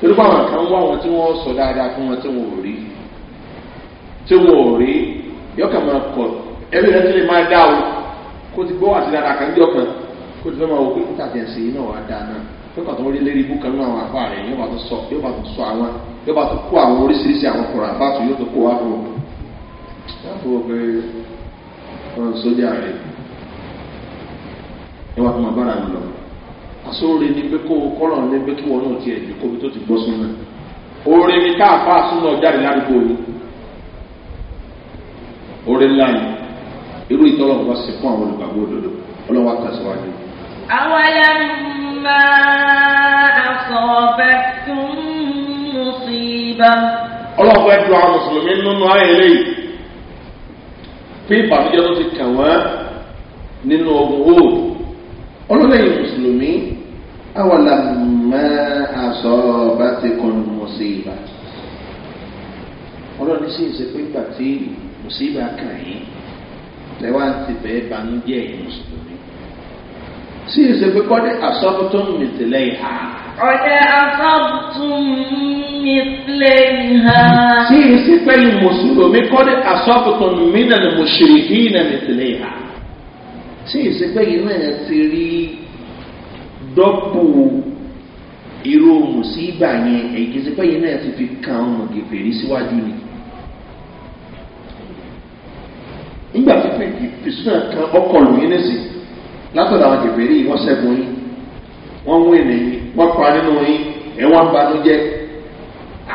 torí pé àwọn kan wá wọn tí wọn sọ dáadáa fún wọn tí wọn ò rí tí wọn ò rí yọkàn máa kọ ẹbí rẹ ti lè máa dá o kó ti gbọ́ wà dáadáa kan jọ kan kó ti fẹ́ máa wọ pé kúta tẹ̀sí náà wà dáa yóò bá tó rí lérí ibú kan náà àwọn àbá rẹ̀ yóò bá tó sọ yóò bá tó sọ àwọn yóò bá tó kó àwọn oríṣiríṣi àwọn kọ̀ọ̀rọ̀ àbá tó yóò tó kó wá fún un láti wọ pé ọ̀rọ̀ sójà rẹ̀ ẹ wá fún ma bára mi lọ àsóore ni pé kó o kọ́rọ̀ ní pé kí wọn náà tiẹ̀ ju kóbi tó ti gbọ́ sún náà oore ni káàpá súnmọ́ jáde ládùúgbò ni oore ńlá ni irú ìtọ́lọ́wọ́ sí fún àwọn olùgbàgbọ́ òdodo ọlọ́wọ́ àtàṣíwájú. ما أصابتكم مصيبة ọlọ́run fẹ́ du àwọn mùsùlùmí nínú ayé lẹ́yìn pé ìbànújẹ́ tó ti kàn wọ́n nínú ogun old ọlọ́lẹ́yìn mùsùlùmí awàlà mọ́ àṣọ bá ti kọnu mùsíbà ọlọ́run sì ń ṣe pé ìgbà tí mùsíbà kàn yín lẹ́wọ́n ti bẹ́ẹ̀ banújẹ́ yìí mùsùlùmí sí ìsèpè kọ́dé asọ́bùtún mìtìlẹ̀ ìhà. ọ̀dẹ asọ́bùtún mìtìlẹ̀ ìhà. sí ìsèpè yìí mùsùlùmí kọ́dé asọ́bùtún mìnà ní mùsùlùmí nà mìtìlẹ̀ ìhà. sí ìsèpè yìí náà ti rí dọ́pù irú mùsíbà yẹn èyí kìí sèpè yìí náà ti fi kan ọmọ gèfèrè síwájú ni. nígbà fífi ìfisùn kan ọkọ̀ lóyún nísìnyí. látọ̀dọ̀ àwọn kẹfẹ́ yìí wọ́n sẹ́gun yín wọ́n mú ènìyàn yín wọ́n pa nínú yín ẹ̀ wọ́n ń tí kì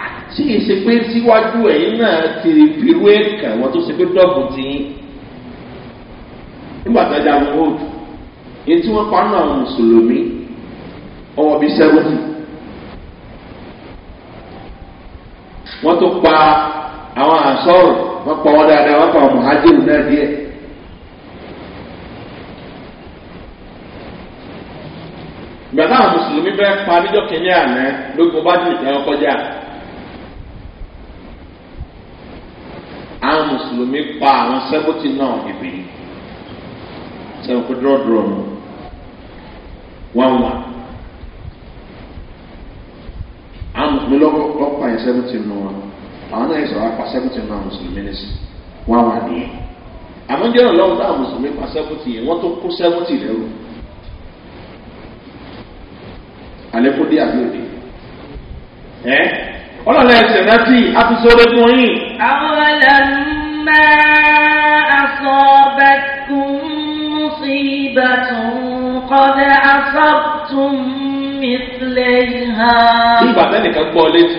àti ṣe síwájú ẹ̀yìn náà ti bírú ẹ̀kà wọn tó ṣe pé dọ́ọ̀bù ti yín nígbà tó dá wọn òòdù èyí tí wọ́n pa nínú àwọn mùsùlùmí ọwọ́ bíi sẹ́wọ́tì wọ́n tó pa àwọn àṣọ́rò wọ́n pa wọn dáadáa wọ́n pa àwọn mùhájẹ́rù náà díẹ̀. mùsùlùmí fẹ́ pa níjọ́ kìíní àná lóko bá dùn ìtàn kọjá. àwọn mùsùlùmí pa àwọn sẹ́kùtì náà bìbì sẹ́kùtì dúrọ̀dúrọ̀ nù wọ́n wà. àwọn mùsùlùmí lọ́pàá yẹn sẹ́kùtì nù wọn àwọn náà yẹ sọ̀rọ̀ apá sẹ́kùtì nù àwọn mùsùlùmí ní sí wọ́n wà nìyẹn. àmọ́ jẹ́rọ̀ lọ́wọ́ táwọn mùsùlùmí pa sẹ́kùtì yẹn wọ́n tó kó sẹ́kùtì lẹ́rù. alẹ́ kó dé àbí òde. ẹ ọlọ́lá ẹsẹ̀ rántí àtúnṣe fún yín. àwọn ọlọ́mọ asọ́bẹ̀kùn mùsíbàtún kọ́dẹ̀ asọ́tún mísílẹ̀ ìhà. nígbà tẹ́lẹ̀ kan gbọ́ létí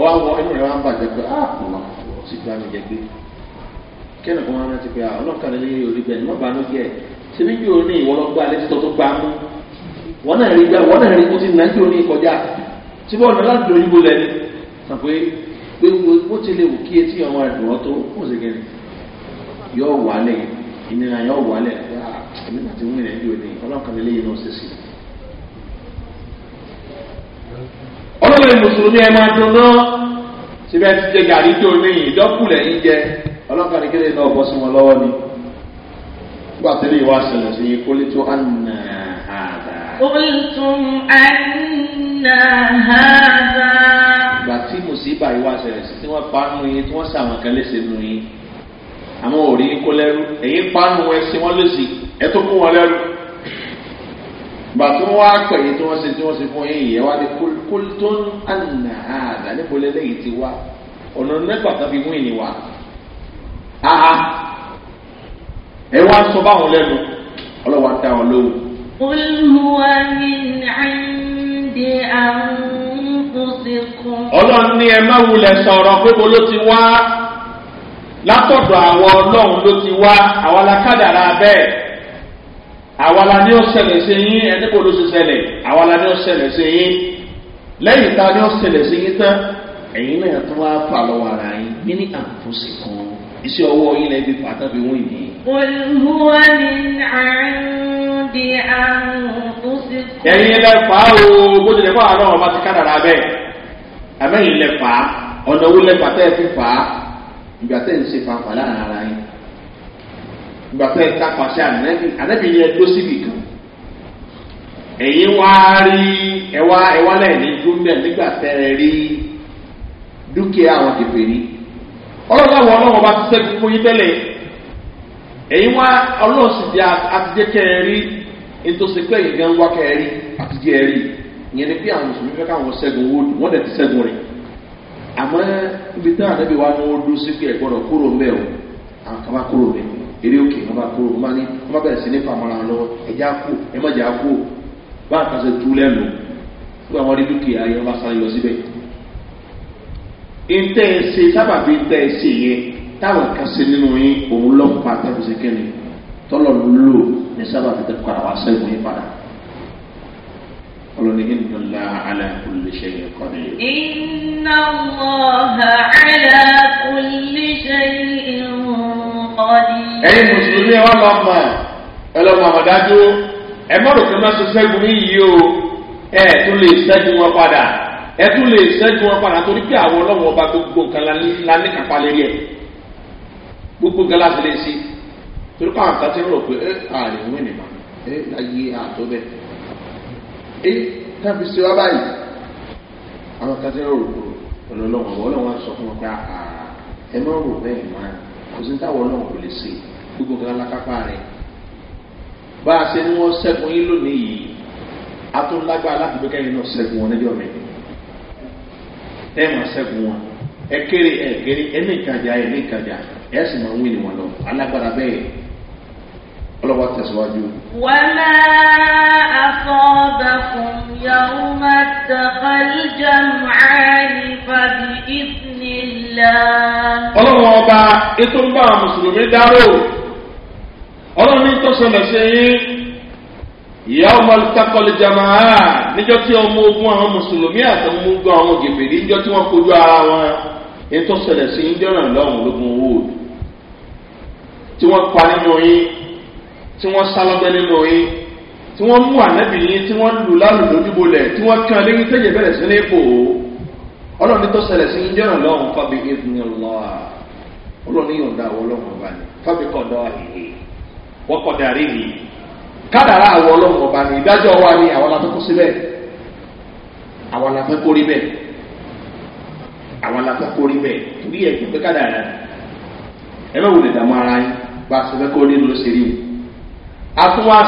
wọ́n á wọ inú rẹ̀ wá bàjẹ́ pé á kùn wá sí gbá mi jẹ gbé kí ẹnì kan rántí pé ah, ọlọ́kàlẹ́ lè rí bẹ́ẹ̀ ni wọ́n bá ló gẹ̀ ṣe níbi òní ìwọ́lọ́gbà létí tó tó gbá mú wọ́n náà rí wọ́n náà rí kó ti nàá jò ní ìkọjá tí bọ́ọ̀lù láti dòyìn bó lẹ́ni sàn pé pé bó ti lè wò kí etí ọmọ rẹ̀ dùn ọ́ tó kó o sì gẹ̀rẹ̀ yọ wàálẹ̀ ìnira yọ wàálẹ̀ ẹ̀mí ah, àti wọ́n ìrìn àjò ní ọlọ́kan lélẹ́yìn náà ṣe sí. ọlọ́kùnrin mùsùlùmí ẹ máa dùn náà síbẹ̀ ti jẹ gàrí tó níyìn dọ́kùlẹ̀ yín jẹ ọlọ́kan kékeré náà bọ́ sí wọn lọ́wọ́ ni. gbàtẹ́lẹ̀ ìwà ṣẹlẹ̀ sí kólé tó àná قلتم أن هذا ìgbà tí mùsíbà yìí wá ṣẹlẹ̀ sí tí wọ́n panu yín tí wọ́n ṣàwọn kan léṣe nu yín àwọn ò rí kó lẹ́rú èyí panu ẹ sí wọ́n léṣe ẹ tó kún wọn lẹ́rú ìgbà tí wọ́n wá pẹ̀ yín tí wọ́n ṣe tí wọ́n ṣe fún yín yìí wá ní kóltón àná àdá níbo lẹ́lẹ́yìí ti wá ọ̀nà mẹ́fà tó fi wíìnì wá ẹ wá sọ báwọn lẹ́nu ọlọ́wọ́ dá wọn lóhùn ọlọ́run ní ẹ má wulẹ̀ sọ̀rọ̀ pé mo ló ti wá látọ̀dọ̀ àwọn ọlọ́run ló ti wá àwa la kádàrá bẹ́ẹ̀ àwa la ní ó ṣẹlẹ̀ sí yín ẹni kò ló ṣe ṣẹlẹ̀ àwa la ní ó ṣẹlẹ̀ sí yín lẹ́yìn tá a ní ó ṣẹlẹ̀ sí yín tán ẹ̀yin náà tó wá fà lọ́wọ́ ara yín mí ní àǹfọ̀sẹ̀ kan iṣẹ́ ọwọ́ yín lẹ́bi pàtàkì wọ̀nyí. olùwọ́n ni àárín. ẹ̀yin ilẹ̀ fà á o fà á náà ọba ti kádàrà bẹ́ẹ̀ àmẹ́yìn ilẹ̀ fà á ọ̀nà owó lẹ́fà tẹ́ ẹ fi fà á ìgbà tẹ́ ẹ ń ṣe láàrin ara yín ìgbà tẹ́ ẹ ta pàṣẹ ànẹ́bí ànẹ́bí yẹn tó kan ẹ̀yin wá rí èyí wá ọlọ́run sì di àtijọ́ kẹrin nítòsí pé ẹ̀yin wá kẹrin àtijọ́ ẹ̀rí ìyẹn ni pé àwọn mùsùlùmí fẹ́ káwọn ṣẹ́gun owó dùn wọ́n dẹ̀ ti ṣẹ́gun rẹ̀ àmọ́ ibi tí àwọn àdébí wọ́n dúró sí pé ẹ̀gbọ́dọ̀ kúrò ń o àwọn kan bá kúrò eré òkè bá kúrò a lẹ́nu táwọn kan ṣe nínú yín òun lọ́pọ̀ àtẹ̀kùsí kẹ́ni tọ́lọ̀ lò ní sábà fi tẹ́kọ̀ àwọn aṣẹ́gun yín padà. Ọlọ́ni iná lọ àlẹ́ olùṣẹ́ yẹn kọ́ ni. Iná lọ àlẹ́ olùṣẹ́ yẹn kọ́ ni. Ẹyin Mùsùlùmí ẹ wá lọ mọ̀ ẹ lọ mọ̀ àmọ̀dájú ẹ mọ̀ lókè máa ṣe ṣẹ́gun yìí o ẹ tún lè ṣẹ́gun wọn padà ẹ tún lè ṣẹ́gun wọn padà torí pé àwọn ọlọ́wọ́ ọba gbogbo nǹkan la ní kápá lérí ẹ̀ gbogbo nǹkan láti lè ṣe torí pé àwọn kan ti ń rò pé ààrẹ òun ènìyàn ẹ láyé àtó bẹ ẹ tábí ṣe wá báyìí àwọn kan ti ń rò pé ọlọlọwọ ọlọwọ sọ fún wọn pé ah, ah, ẹ má rò bẹ́ẹ̀ má kò sí táwọn ọlọwọ kò lè ṣe gbogbo nǹkan lákápá rẹ bá a ṣe ni wọn ṣẹgun yín lónìí yìí a tún lágbára láti gbé kẹyìn náà ṣẹgun wọn níjọ mi ẹ má ṣẹgun wọn ẹ kéré ẹ kéré ẹ ní ìkàjà ẹ ní ìkàjà ẹ sì máa ń wí ni wọn lọ alágbára bẹ́ẹ̀ ọlọ́wọ́ tẹ̀síwájú. wàlá àfọ̀bàkùn yàwó máa tàbí jàmáàlì fàbí ìfìnnìlá. ọlọ́wọ́ ọba ètò ń bá àwọn mùsùlùmí dárò ọlọ́run ní tó sọlẹ̀ sí yín ìyá ọmọ ìtakọ̀lì jàmáà níjọ́ tí ọmọ ogun àwọn mùsùlùmí àtọmọ ogun àwọn gèfèrè níjọ́ tí wọ́n kojú ara wọn ètò sọlẹ̀ sí yín jọ́ràn lọ́hùn lógún owó òdu. tí wọ́n pa nínú oyi tí wọ́n sá lọ́gbẹ́ nínú yín tí wọ́n mú ànábì yín tí wọ́n lù lálùdójúbolẹ̀ tí wọ́n kàn léyìn tẹ́jẹ̀ bẹ̀rẹ̀ sí ní ipò ọlọ́run tó ṣẹlẹ̀ sí yín jọ̀rọ̀ lọ́hùn fábí ìdùnnú lọ́wọ́ ọlọ́run yóò dá ni fábí kọ̀ dọ́ àhìhì wọ́n kọ̀ dàrí mi kádàrá ni ìdájọ́ wa ni àwọn la fẹ́ kó síbẹ̀ àwọn la fẹ́ kórí ẹ bẹ́ẹ̀ wò lè ara yín bá a ṣe fẹ́ kó rí ló ṣe rí o. a a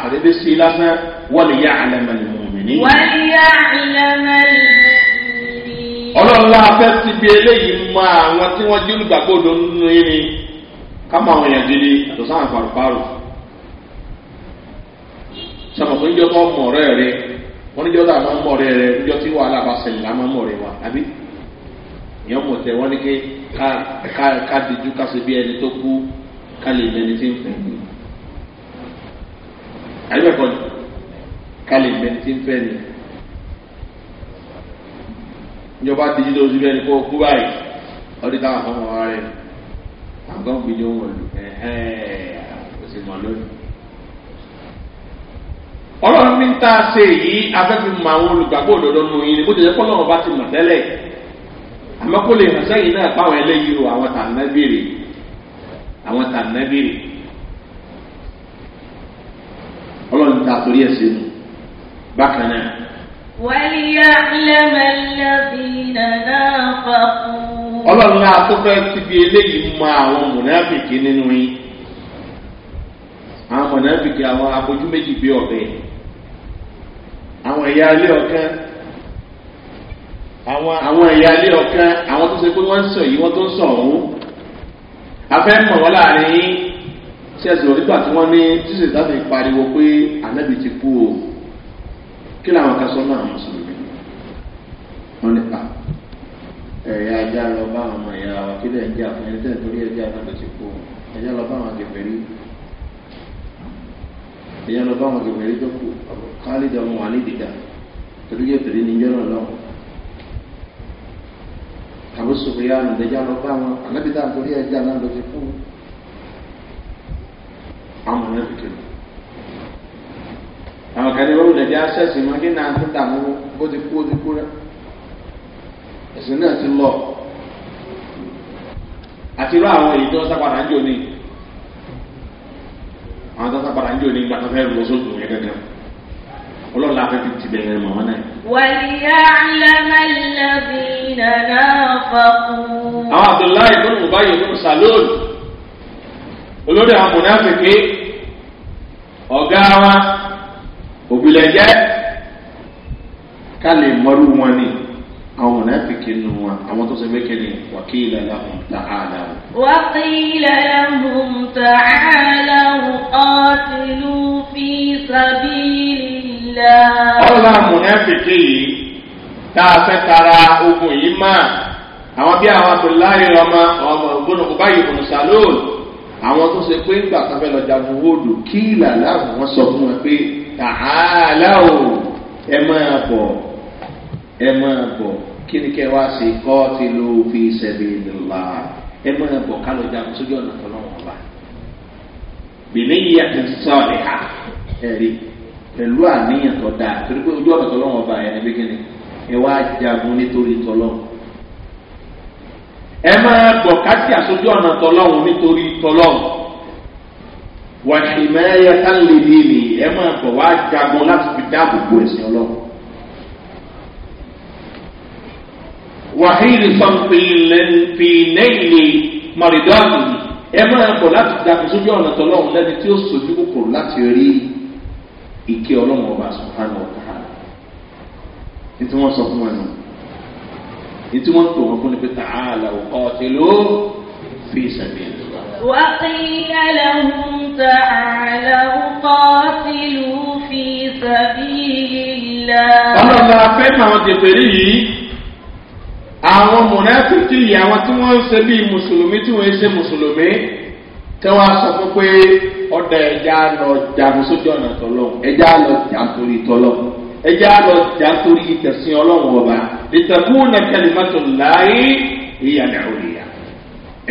ṣàdédé sí i lásán wọ́n lè yá àlẹ́ mẹ́lẹ̀ mọ̀mìnì. wọ́n yá àlẹ́ mẹ́lẹ̀ mọ̀mìnì. fẹ́ ti eléyìí àwọn tí wọ́n jẹ́ olùgbàgbọ́ ni àwọn èèyàn dídí sọ̀rọ̀ fún ìjọ tó mọ̀ wọ́n tó àmọ́ mọ̀ tí wàhálà ká ká ká dijú ká ṣe bí ẹni tó kú ká lè mẹni tí ń fẹ́ ni àyẹ̀kọ́ ni ká lè mẹni tí ń fẹ́ ni ìjọba dijú tó ṣe bí ẹni kó kú báyìí ọdún táwọn afọmọ wa rẹ àgọ́ gbìyànjú wọn lù ẹ̀hẹ́n kò sí mọ̀ lónìí ọlọ́run ní ta ṣe èyí afẹ́fẹ́ mọ àwọn olùgbàgbọ́ òdodo nù yín ni bó ti jẹ́ pé bá ti mọ̀ tẹ́lẹ̀ àmọ́ kó lè hàn sẹ́yìn náà páwọn eléyìí ro àwọn tànà bèrè àwọn tànà bèrè ọlọ́run ta torí ẹ̀ sínú bákan náà. وَلِيَعْلَمَ الَّذِينَ نَافَقُوا ọlọ́run náà tó fẹ́ ti fi eléyìí mọ àwọn mọ̀nàfìkì nínú yín àwọn mọ̀nàfìkì àwọn abojú méjì bí ọ̀bẹ àwọn ẹ̀yà ilé ọ̀kan àwọn àwọn ìyáálé ọ̀kan àwọn tó ṣe pé wọ́n ń sọ yìí wọ́n tó ń sọ ọ̀hún afẹ́ mọ̀ wọ́n láàrin ṣe ẹ̀sìn nígbà tí wọ́n ní tíṣe táfi pariwo pé ànábì ti kú o kí làwọn kan sọ náà mùsùlùmí wọn nípa ẹ̀yà ajá lọ bá ọmọ ìyá wa kí lè jẹ́ àfihàn ẹni torí ẹjẹ́ ànábì ti kú o ẹ̀yà lọ bá àwọn kẹfẹ́rí ẹ̀yà lọ bá wọn wà ní ìdìdà àbú sùfìyànù lẹ́jà lọ bá wọn ànábì tá à ń torí ẹja náà lọ sí fún un. àwọn ọmọ náà fi kiri. àwọn kan ní wọ́n lè jẹ́ àṣẹ̀sì mọ́ kí náà tó dààmú bó ti kú ó ti kú rẹ̀. ẹ̀sìn náà ti lọ. àti irú àwọn èyí tó sápadà ń jò ní. àwọn tó sápadà ń jò ní gbàtọ́ lọ sóògùn yẹn gẹ́gẹ́. ọlọ́run la fẹ́ fi mọ̀ wọ́n náà. وليعلم الذين نافقوا àwọn abdullahi ibùn mubayi ibùn salon olórí àwọn mùnàfìkì ọ̀gá wa òbílẹ̀jẹ́ ká lè mọ́rú wọn ni àwọn mùnàfìkì nù wọn àwọn tó ṣe mékèlè wàkìlẹ̀ lahùn tàhálà. wàkìlẹ̀ lahùn tàhálà ọ̀. àwọn mùnàfìkì yìí tá a fẹ́ tara ogun yìí mọ́ àwọn bí àwọn abdullahi ọmọ ọmọ ògbónà kò báyìí kò ní saloon àwọn tó ṣe pé nígbà kan fẹ́ lọ jagun wóòdù kí làlá wọn sọ fún wọn pé tàhálà o ẹ máa bọ̀ ẹ máa bọ̀ kí ni kẹ́ wá sí kọ́ ti lo fi ṣẹ̀bi nìlá ẹ máa bọ̀ ká lọ jagun sójú ọ̀nà kan náà wọ́n bá. bìnníyà ti sọ̀rọ̀ ẹ̀ka ẹ̀rí pẹ̀lú àníyàn tó dáa torí pé ojú ọ̀nà tọ́lọ́wọ́n ọba ẹni bí kíni ẹ wá jagun nítorí tọ́lọ́wọ́n. ẹ máa gbọ̀ kásì àsojú ọ̀nà tọ́lọ́wọ́n nítorí tọ́lọ́wọ́n. wàṣìmẹ́ ẹyẹ sálẹ̀dì ni ẹ máa gbọ̀ wá jagun láti fi dáàbò bo ẹ̀sìn ọlọ́wọ́n. wàhíìlì sọ̀npìlẹ̀npìlẹ̀lì mọ̀rìndọ́ọ̀nì ẹ máa gbọ̀ láti jagun sójú ọ̀nà tọ́lọ́wọ́n lẹ́ni tí ó sojú kòkòrò láti rí i ike ọlọ́run ọba sọ̀hánà ọ̀tá ní tí wọ́n sọ fún wọn nù ní tí wọ́n tó wọn fún ni pé tààlà ọ̀tẹ̀ ló fi sàbí ẹ̀ lọ́wọ́. وقيل لهم تعالوا قاتلوا في سبيل الله. ọlọ́run la fẹ́ máa tẹ̀sẹ̀rí yìí àwọn mọ̀nàfíkì àwọn tí wọ́n ń ṣe bíi mùsùlùmí tí wọ́n ń ṣe mùsùlùmí kí wọ́n á sọ fún pé ọ̀dà ẹja lọ jagun sójú ọ̀nà tọ́lọ̀ ẹja lọ jà nítorí tọ́lọ̀ ẹja lọ jà nítorí ìtẹ̀sìn ọlọ́run ọba ìtẹ̀kùn náà kẹ́lẹ́ mọ́tò láàyè ìyànà òrìyà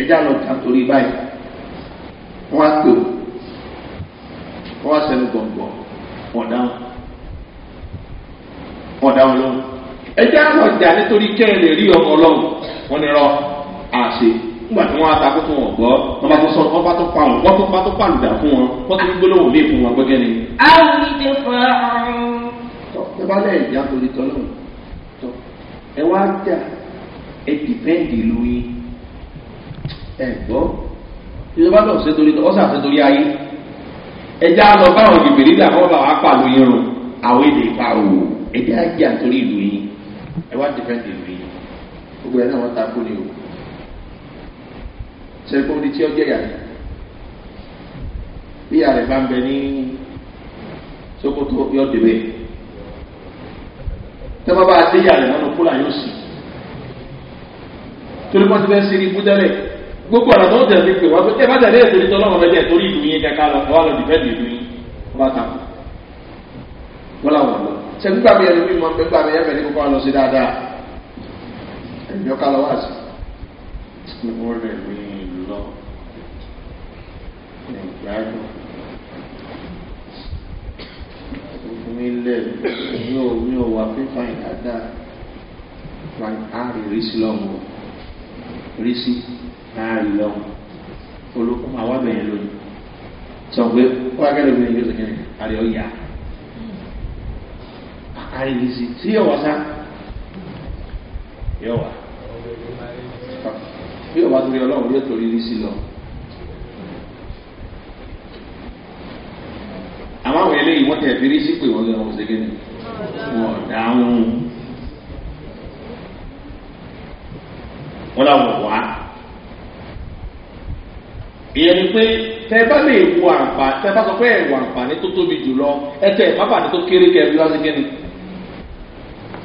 ẹja lọ jà nítorí báyìí wọ́n á pè wọ́n á sẹ́nu gbọ̀ngbọ̀n wọ́n dáhùn wọ́n dáhùn lọ́wọ́ ẹja lọ jà nítorí kẹ́lẹ́ rí ọmọ ọlọ́run wọ́n ní rọ àṣẹ nígbà tí wọ́n á takó fún wọn gbọ́ wọ́n bá tó sọ wọ́n bá tó pa wọn wọ́n tó bá tó pàlùdà fún wọn wọ́n tó ń gbólóhùn lé fún wọn gbẹ́gẹ́ ni. àwọn ìdè fún ọrùn. tọ́ ẹ bá lẹ́yìn ìyá torí tọ́ náà tọ́ ẹ wá jà ẹ dìpẹ́ǹdì lóyún ẹ gbọ́ ìjọba lọ ṣe torí ọ ṣàṣe torí ayé ẹjẹ á lọ báwọn bìbìrì dà kọ́ bá wàá pàlù yín rùn àwọn èdè ìparò ẹjẹ á jà torí ìlú yín ẹ wá dìpẹ́ǹdì lóyún gbogbo ẹ náà wọ́n ta kó ni o sẹ́kọ̀ ní tí ó jẹ́ yàrá bí yàrá bá ń bẹ ní sokoto yọ dèbè tẹ́wọ́ bá dé yàrá lọ́nà kúlà yóò sì torí wọ́n ti fẹ́ ṣe ibú tẹ́lẹ̀ gbogbo ọ̀nà tó ń tẹ̀lé pé wọ́n tẹ́ bá tẹ̀lé ètò ìtọ́ lọ́wọ́ rẹ̀ torí ìlú yẹn kẹ́kẹ́ lọ wọ́n lọ dìbẹ́ dìbò yín wọ́n bá ta wọ́n làwọn lọ sẹ́kú gbàgbé ẹni mímọ pé gbàgbé ẹ̀fẹ̀ ní kókó lọ sí dáadáa ẹ̀mí ọ̀ká wá sí i ẹ̀jáde mi lẹ̀ mi ò mi ò wà pípa ìdádá a rí rísí lọ́wọ́ rísí náà rí lọ́wọ́ olókùn àwa bẹ̀yẹn lónìí sọ pé wákẹ́lẹ́ mi yóò sẹ́yìn àrẹ ọ̀yà àkárí rísí sí yọ̀ wá sá yọ̀ wá yọ̀ eléyìí wọ́n tẹ̀ fi rí sí pé wọ́n lé wọn ṣe kéde wọ́n dáhùn. wọ́n làwọn wá. ìyẹn ni pé tẹ bá lè wo àǹfààní tẹ bá sọ pé ẹ wo àǹfààní tó tóbi jù lọ ẹ tẹ ìfáfàní tó kéré kẹbi lọ sí kéde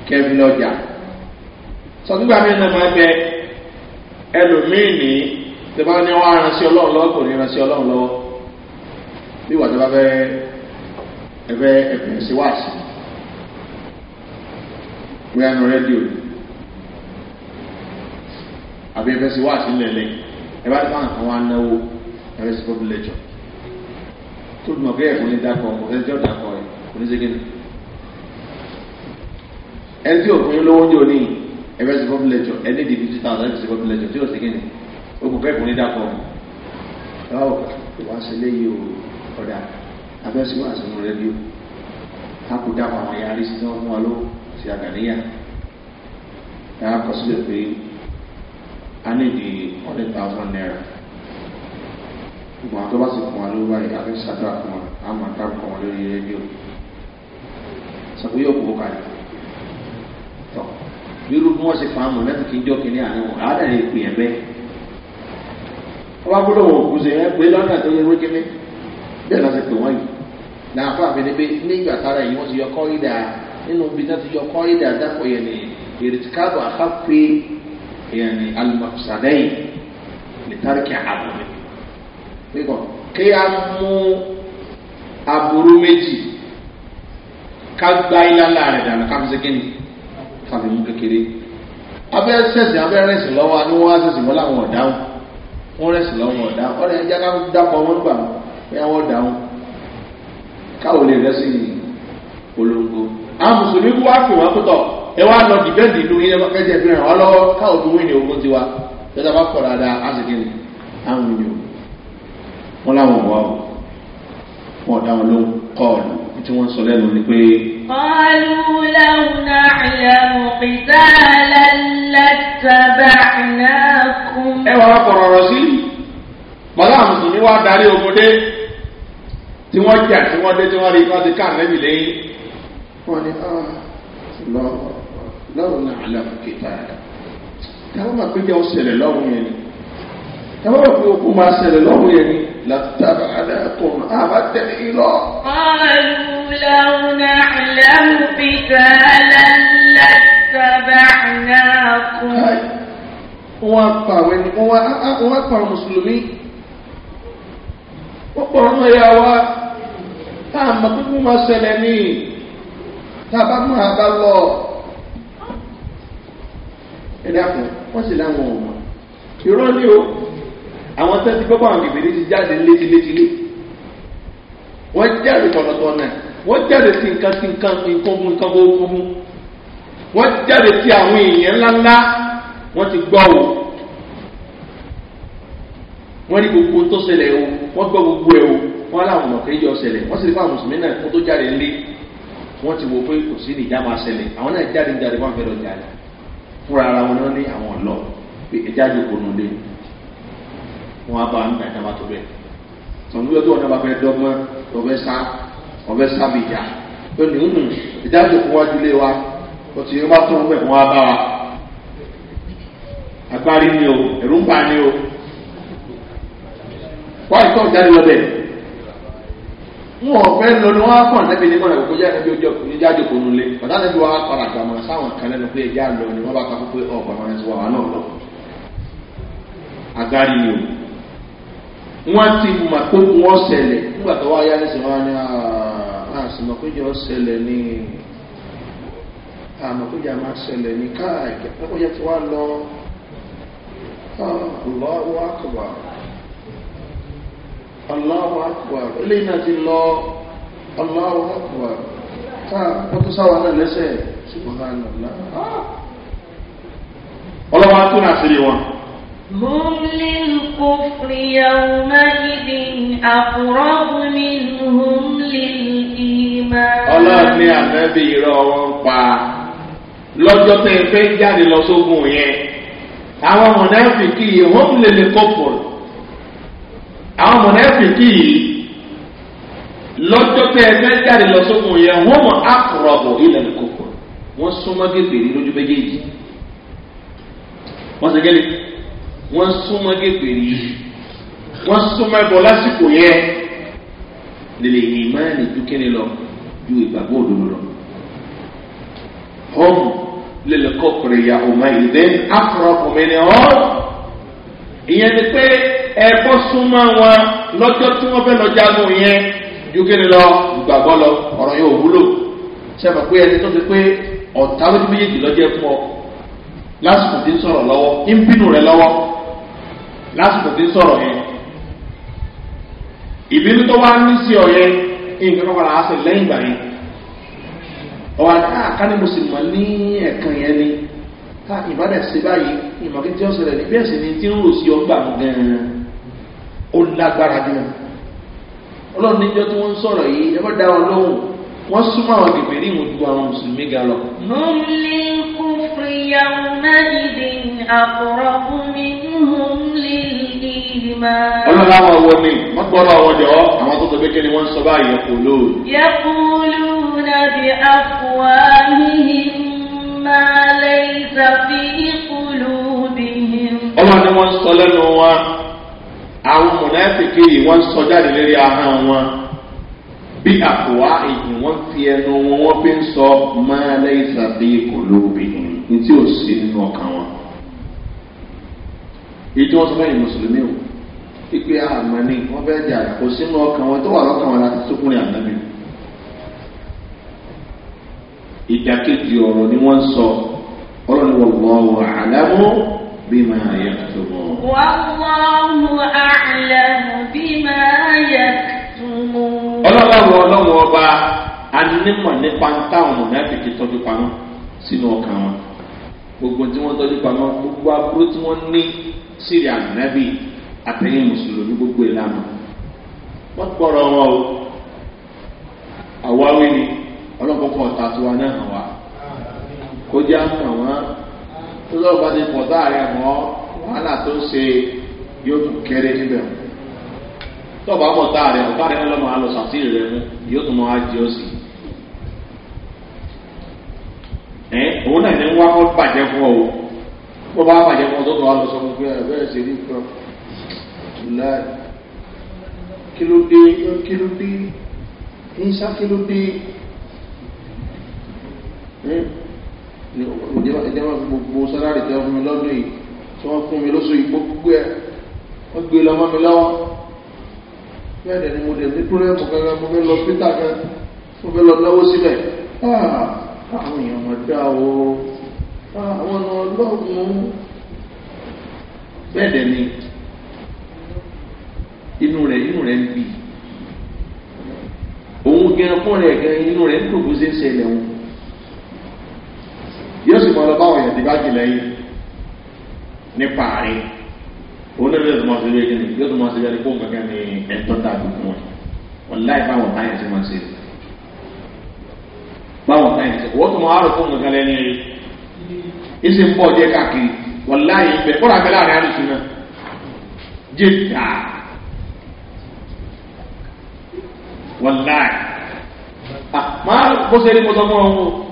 kẹbi lọjà. sọtúgbà mi náà máa bẹ ẹlòmíì ní tẹ bá ní wọn aranṣẹ ọlọrun lọwọ kò ní aranṣẹ ọlọrun lọwọ bí wàá tẹ bá fẹẹ ẹ̀fẹ́ ẹ̀fẹ́ sí wáàsí bóyá nu rédíò àbí ẹ̀fẹ́ sí wáàsí ńlẹ̀lẹ̀ ẹ̀ bá dáhùn kan wá náwó ẹ̀fẹ́ sí public lecture tó dùn ọ̀gá ẹ̀fọ́ ní dákọ̀ ẹ̀jọ́ dákọ̀ ẹ̀ kò ní segin ẹni tí òfin lówó ní òní ẹ̀fẹ́ sí public lecture ẹni di fifty thousand ẹ̀fẹ́ sí public lecture tí ò segin ó kò kẹ́kọ̀ọ́ ní dákọ̀ ẹ̀ báwo kò wá sí abẹ́sí wà sínú rédíò kákúdá àwọn yarí sí wọn fún wa ló ṣe àgàníyà yàrá kọ sílẹ̀ pé a lè di ọ̀dẹ́ thousand naira ìgbọ̀n tó bá sì fún wa ló báyìí abẹ́ ṣàdúrà fún wa a máa dá kọ́ wọn lórí rédíò sàbúyọ̀ kó kalẹ̀ tọ́ irú bí wọ́n ṣe fa àmọ̀ láti kí n jọ́ kínní àná wọn àádọ́ lè pè é bẹ́ẹ̀ wọ́n gbọ́dọ̀ wọ̀ kùsẹ̀ ẹ pé lọ́nà tó yẹ wọ́n bẹ́ẹ̀ lọ́sẹ̀ pé wọ́n yìí làáfà àfẹnibẹ nígbà tára yìí wọn ti yọ kọ́rídà nínú ibi náà ti yọ kọ́rídà dápọ̀ yẹn ni ìrètíkàbọ̀ àkàpé yẹn ni alùpàṣàdẹ́yìn lè tárìkì àbùrù nígbà kí a mú àbùrù méjì ká gba ilá láàrin dànù ká fi ṣe kíni ká fi mú kékeré abẹ́ sẹ̀sìn abẹ́ rẹ̀sìn lọ́wọ́ ni wọ́n á sẹ̀sìn wọ́n láwọn ọ̀dáhùn wọ́n rẹ̀sìn lọ́wọ́ ọ̀dáhùn ọ̀rẹ́ ká dápọ̀ wọn gbà wọ́n yà wọ́n dáhùn káwọn lè rẹ́sì polongo àwọn mùsùlùmí wá pè wọ́n pẹ́tọ̀ ẹ wá lọ dìbẹ́ǹdì inú yín lọ́kọ́ kẹ́jẹ́ fi ràn wá káwọn tó wíìnì ogun tiwa tẹ́tà bá pọ̀ dáadáa á sì kéde àwọn ènìyàn wọn láwọn wà ó wọn dá wọn lóhùn kọ́ọ̀lù tí wọ́n sọ lẹ́nu ni pé. kọ́lù lẹ́wọ̀nà ìlẹ̀mù pìtà náà kún. ẹ wàá kọ̀rọ̀ ọ̀rọ̀ sí bọ́lá àmùsùn ni wàá darí ogun dé tí wọ́n jà tí wọ́n dé tí wọ́n rí kí wọ́n ti ká ànábì lẹ́yìn wọ́n ní lọ́wọ́ náà aláàbò kìtà táwọn máa péjọ ṣẹlẹ̀ lọ́wọ́ yẹn ni táwọn máa pé okun máa ṣẹlẹ̀ lọ́wọ́ yẹn ni látàbà aláàkùn àbá tẹ̀lé ìlọ. ọ̀lù lọ́wọ́ náà aláàbò kìtà látàbà aláàkùn. wọ́n pa àwọn ẹni wọ́n pa àwọn mùsùlùmí wọ́n pa àwọn ẹ̀yà wa tá a mọ̀ pé kó máa ṣẹlẹ̀ ní tá a bá mọ̀ a bá lọ. ẹ dákun wọ́n sì láwọn ò mọ̀ irọ́ ni o àwọn tó ti gbọ́gbọ́ àwọn bèbèrè ti jáde létílétílé wọ́n jáde tọ̀nàtọ̀ náà wọ́n jáde sí nǹkan sí nǹkan nǹkan mú nǹkan gbogbo mú wọ́n jáde sí àwọn èèyàn ńláńlá wọ́n ti gbọ́ o wọ́n rí gbogbo tó ṣẹlẹ̀ o wọ́n gbọ́ gbogbo ẹ̀ o wọ́n láwọn ọ̀nà kéjọ ṣẹlẹ̀ wọ́n sì rí fún àwọn mùsùlùmí náà wọ́n tó jáde ńlé wọ́n ti wo pé kò sí ìjà máa ṣẹlẹ̀ àwọn náà jáde ń jáde wọ́n fẹ́ lọ jáde fúnra ara wọn ní àwọn ọ̀lọ́ pé ẹja jòkó nù lé wọn á bá ń gbà ìjàmbá tó bẹ́ẹ̀ tọ̀nú yóò tó wọn náà bá fẹ́ dọ́gbọ́n ọ̀fẹ́ sá ọ̀fẹ́ sábì ìjà ó ní nù ìjà jòkó wájú lé wa ó ti yẹ tó ń bẹ̀ wọn á bá wa agbárí ni o ẹ̀rú ń bá ni o wáyé tó ń jáde lọ bẹ́ẹ̀. wọn ò lọ ni wọ́n á kàn lẹ́bi ní kọ́nà ìkọjá ẹni bí ó jẹ́ òkùnrin jáde kò nulẹ̀ bàtà lẹ́bi wọn á sáwọn kan pé ni wọ́n bá ka pé ọgbà wọn ti wà wọn náà lọ. agbárí ni o wọn ti mọ pé wọn ṣẹlẹ̀ nígbà tó yá ní ah, pé jọ pé jà Allahu akbar eléyìí náà ti lọ Allahu akbar táà pọ́tù sáwà náà lẹ́sẹ̀ ṣùgbọ́n ah! ọlọ́wọ́ á tún àṣírí wọn. Múlí kúfri yàwùmá ibi àkùrọ́bù minhum lílì ìmá. Ọlọ́run ní àfẹ́bí irọ́ wọn pa lọ́jọ́ tẹ́ ẹ fẹ́ jáde lọ sógun yẹn. Àwọn mọ̀nàfìkì yìí wọ́n lè lè kọ́pọ̀lù àwọn mọ̀nẹ́fìkì yìí lọ́jọ́ tẹ́ ẹ fẹ́ jáde lọ sókun yẹn wọ́n mọ̀ àkùrọ̀bọ̀ ilẹ̀ kòkòrò wọ́n súnmọ́ gègèrè lójú méjèèjì wọ́n sẹ́gẹ́lẹ́ wọ́n súnmọ́ gègèrè wọ́n súnmọ́ ẹbọ lásìkò yẹn lèlè yìí máa lè dúkẹ́ni lọ ju ìgbàgbọ́ òdodo lọ. họ́mù lèlè kọ́kùrẹ̀ yà ọ̀ma ìdẹ́ àkùrọ̀bọ̀ mẹ́ni ọ́ ìyẹn ni pé ẹ̀kọ́ súnmọ́ wọn lọ́jọ́ tí wọ́n fẹ́ lọ jagun yẹn yókèrè lọ gbàgbọ́ lọ ọ̀rọ̀ yóò wúlò sẹ́fà pé ẹni tó ti pé ọ̀tá lójú méjèèjì lọ́jẹ́ fún ọ lásìkò tí ń sọ̀rọ̀ lọ́wọ́ ń bínú rẹ lọ́wọ́ lásìkò tí ń sọ̀rọ̀ yẹn ìbínú tó wá ní sí ọ yẹn nǹkan kan wà láti lẹ́yìn ìgbà yẹn ọ̀wà káàká ni mo sì mọ̀ ní ẹ̀kan yẹn ni ká ah, ìbádẹ̀ sí báyìí ìmọ̀kí tí ó ṣẹlẹ̀ ní bẹ́ẹ̀ sì ni tí ń rò sí ọgbà gan-an ó lágbára jù ọlọ́run níjọ́ tí wọ́n ń sọ̀rọ̀ yìí ẹ bá dá wọn lóhùn wọ́n súnmọ́ àwọn bèbè ní ìwọ̀n ju àwọn mùsùlùmí ga lọ. múlí kúfìyàwó náà ìdè àkùrọ̀kù mi hùn lílì ìmọ̀. ọlọ́run àwọn ọwọ́ mi wọ́n gbọ́dọ̀ àwọn jọ̀ọ́ àwọn tó tẹ̀lé kẹ́ni wọ́n sọ báyìí ẹ̀kọ́ lóòrù. yẹ́kúlù nàbí àfùwá níhìn máa lẹ́yìn sàfihì kúlù bìhìn. ọlọ́run ni wọ́n sọ lẹ́nu wa. àwọn mọ̀nàfíkì yìí wọ́n ń sọ jáde lérí ahọ́n wọn bí àkùwá ìyìn wọ́n fi ẹnu wọn wọ́n fi ń sọ máa lẹ́yìn sàbí ìkòlóbìnrin ní tí wọn. èyí tí wọ́n sọ fẹ́yìn mùsùlùmí o pípé àmọ́ wọ́n fẹ́ jà kò sínú ọkàn wọn tó wà lọ́kàn wọn láti sókùnrin ànábì. ìdàkejì ọ̀rọ̀ ni wọ́n ń sọ بما يكتبون والله أعلم بما يكتمون ọlọ́wọ́ ọlọ́wọ́ ọba anímọ̀ nípa ń táwọn mọ̀nàfíkì tọ́jú pamọ́ sínú ọkàn wọn gbogbo tí wọ́n tọ́jú gbogbo aburú tí wọ́n ní gbogbo wọn o àwa wí ni ọlọ́kọ̀ọ́kọ̀ ọ̀tà tiwa náà hàn wá kó jẹ́ tó lọ́wọ́ bá ti pọ̀ táàrin mọ́ wàhálà tó ṣe yóò tún kéré níbẹ̀ tọ́ba pọ̀ táàrin mọ́ táàrin lọ́mọ alọ sàtìrì rẹ mú yóò tún mọ́ ajé ó sì. ẹ òun náà ní wá kọ́ bàjẹ́ fún ọ o bó bá bàjẹ́ fún ọ tó tọ́ alọ sọ fún pé ẹ ṣe ní kan kí ló dé kí ló dé ń sá kí ló dé ní ìdẹ́wọ̀n gbogbo sálárì tí wọ́n fún mi lọ́dún yìí tí wọ́n fún mi lóṣù yìí gbogbo ẹ̀ wọ́n gbé lọ́mọ́ mi lọ́wọ́ bẹ́ẹ̀ ni mo dẹ̀ ní púrẹ́mù kankan mo fẹ́ lọ pítà kan mo fẹ́ lọ náwó síbẹ̀ ah, àwọn èèyàn mọ̀ dá o ah, àwọn ọ̀nà ọlọ́run bẹ́ẹ̀ dẹ̀ ni inú rẹ̀ inú rẹ̀ ń bì òun gan fún yóò sì mọ̀ lọ báwọn èèyàn ti bá jì lẹ́yìn nípa rẹ̀ onílé yóò tó máa ṣe bẹ́ẹ̀ kíni yóò tó máa ṣe bẹ́ẹ̀ kó nǹkan ní ẹ̀tọ́ dàbí fún wọn wọn láì báwọn táyà ti máa ṣe báwọn táyà ti wọ́n tó máa rò fún nǹkan lẹ́ni rẹ̀ ìsìn pọ̀ díẹ̀ káàkiri wọn láì bẹ̀ kó làbẹ́ láàrin àdùsùn náà jẹ́ tàà ah. wọn láì ah, máa bó ṣe rí mo sọ fún ọ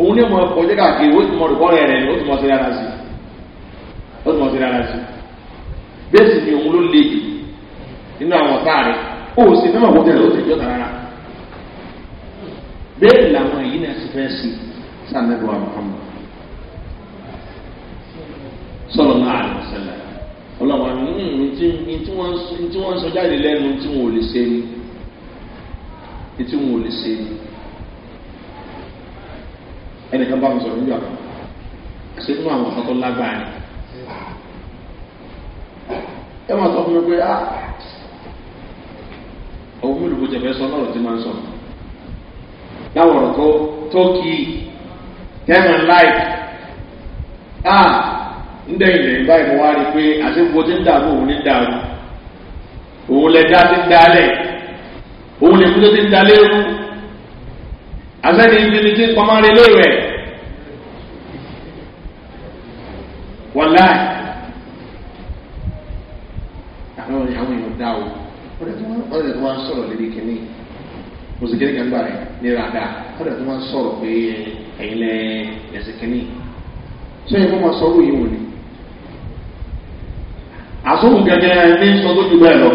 òun ní ọmọ ọkọ̀ jẹ́ káàkiri ó ti mọ ọ̀rùkọ́ rẹ̀ rẹ̀ ni ó ti mọ sí rárá sí ó ti mọ sí rárá sí bẹ́ẹ̀ sì ni òun ló le jù nínú àwọn ọ̀tá rẹ̀ ó sì fẹ́ mọ̀ kó tẹ̀lé ó ti jọ́ta rárá bẹ́ẹ̀ làwọn èyí náà ti fẹ́ sí sàmẹ́bù àmọ́hàmù sọ̀rọ̀ náà àlùsẹ̀lẹ̀ ọlọ́wọ́ ní tí wọ́n ń sọ jáde lẹ́nu tí wọ́n ò lè ṣe ni tí wọ́n ò lè ṣe ni. ẹnìkan bá mi sọ̀rọ̀ nígbà kan ṣé inú àwọn tó lágbára ni ẹ máa sọ fún mi pé ah mi lùkú jẹ̀fẹ́ sọ lọ́rọ̀ tí máa ń sọ láwọn ọ̀rọ̀ tó tó kí ń lẹ́yìn báyìí mo wá rí i pé asẹ́ni ìdílé tí pamọ́ rẹ léèrè wọláì àwọn àwọn èèyàn dá o ọ̀rẹ́ tó wá ń sọ̀rọ̀ lédè kìíní mùsùlùmí kìíní kan gbà rẹ̀ ní ràdà ọ̀rẹ́ tó wá ń sọ̀rọ̀ pé ẹ̀yin lẹ ẹ̀sìn kìíní ṣé ẹ̀kọ́ máa sọ ọ́ wò ni àsọ̀rọ̀ gẹ́gẹ́ ní sọ́dọ̀ bẹ́ẹ̀ lọ.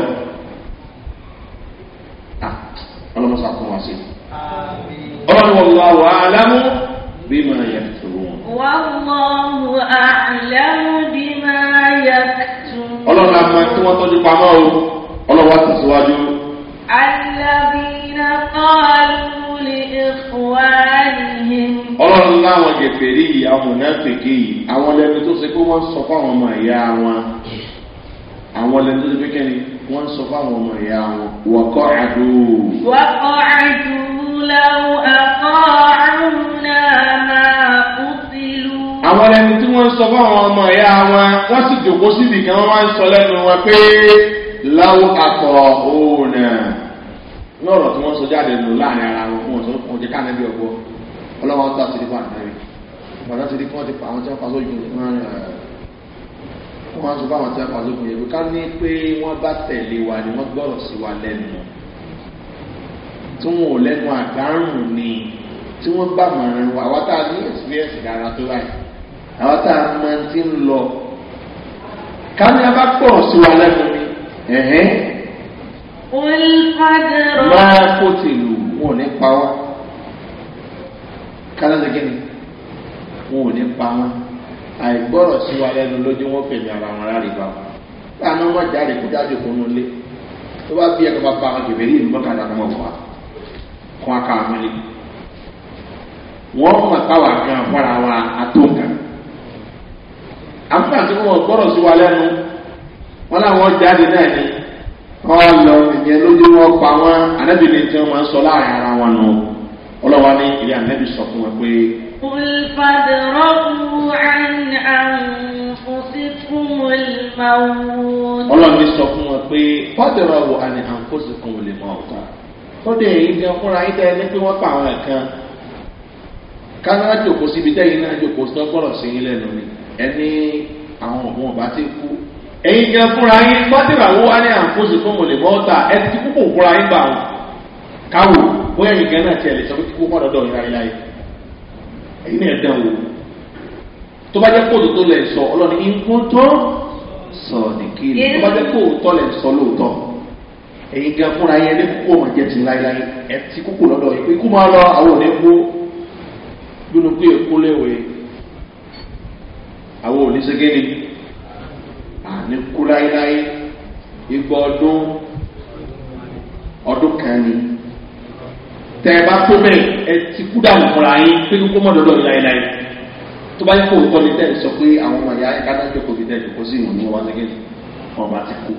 والله أعلم بما يكتبون والله أعلم بما يكتبون الله لما تمتوا لقماه الله واتسواجه الذين قالوا لإخوانهم ọlọ́run láwọn jẹ̀fẹ̀rí yìí àwọn mọ̀nàfẹ̀kì yìí àwọn lẹ́nu tó ṣe pé wọ́n sọ fún àwọn ọmọ ìyá wọn àwọn lẹ́nu tó ṣe pé kẹ́ni wọ́n sọ fún ọmọ ìyá wọn wọ́kọ́ àdó. wọ́kọ́ àdó. لو أطاعونا ما قتلوا àwọn ẹni tí wọ́n ń sọ fún àwọn ọmọ ẹ̀yà wọn wọ́n sì jòkó síbi kan wọ́n wá ń sọ lẹ́nu wọn pé láwọ́ akọ̀ òun náà lọ́rọ̀ tí wọ́n sọ jáde nù láàrin ara wọn fún ọ̀sán fún ọjọ́ kánẹ́bí ọgbọ́ ọlọ́wọ́n tó àti nípa àtàrí bàtà ti di ti pa àwọn tí wọ́n pàṣọ yìí wọ́n wọ́n sọ fún àwọn tí wọ́n pàṣọ yìí ká ní pé wọ́n bá tẹ̀lé wa ni wọ́n gbọ́rọ̀ sí wa lẹ́nu tí wọn ò lẹ́nu àdárùn ni tí wọ́n bá mọ̀ràn wa àwa tá a ní experience dára tó báyìí àwa tá a máa ti ń lọ ká ní a bá pọ̀ sí wa lẹ́nu ni. máa kó tèlù wọn ò ní pa wá ká lọ́sẹ̀ kí ni wọn ò ní pa wá àìgbọ́rọ̀ sí wa lẹ́nu lójú wọn fèmí ara wọn láre bá wọn láàánú wọn jáde kó jáde kó nulẹ̀ tó bá bí ẹ̀ka bá pa àwọn kèfèrí ìlú mọ́kànlá kan mọ́ fún aka àwọn ilé wọ́n mọ̀ táwa wa àtọ́ǹkà àfúrà tí wọ́n gbọ́dọ̀ sí wa lẹ́nu wọn làwọn jáde náà ni wọ́n lọ ìyẹn lójú wọn pa wọn anábìrin tí wọ́n máa ń sọ láàrin ara wọn nù ọlọ́wọ́ ní ilé anábì sọ fún wọn pé. olùfàdúrọ́bù àrùn àǹfọ̀síkùn olùmọ̀wò. ọlọ́run sọ fún wọn pé fàdúrọ́bù àrùn àǹfọ̀síkùn olùmọ̀wò kódé èyí gan fúnra yín tẹ ẹni pé wọ́n pa àwọn ẹ̀kan kánáà jòkó síbi tẹ́yìn náà jòkó tó gbọ́dọ̀ sí yín lẹ́nu ni ẹni àwọn ọ̀gbọ́n ọ̀bá ti kú ẹ̀yin gan fúnra yín pátìrà wo wá ní àǹfóòsì fún mọ̀lẹ́ mọ́ta ẹ ti kú kò fúnra yín gbà wọn káwò bóyá ẹ̀yin gan náà tiẹ̀ lè sọ pé kíkú pọ̀ dọ́dọ̀ yín láyéláyé ẹ̀yin náà dán wò tó bá jẹ́ kóòtù tó lẹ̀ sọ ọlọ́ni ìkún èyí gan fúnra yẹn ní kókó ọmọ jẹ ti láéláé ẹ ti kókó lọ́dọ̀ yìí pé kó máa lọ àwọn òní gbó gbónú pé èkó léwe àwọn òní ségéni àní kó láéláé igbó ọdún ọdún kan ni tẹ ẹ bá tó bẹ́ẹ̀ ẹ ti kú dànù fúnra yín pé kókó mọ́ lọ́dọ̀ yìí láéláé tó bá yẹ kó o kọ́ ni tẹ́ ẹ sọ pé àwọn ọmọ ìyá ẹ̀ka náà jókòó ti tẹ́ ẹ jókòó sí ìwọ̀n ní wọn ségéni wọn bá ti kú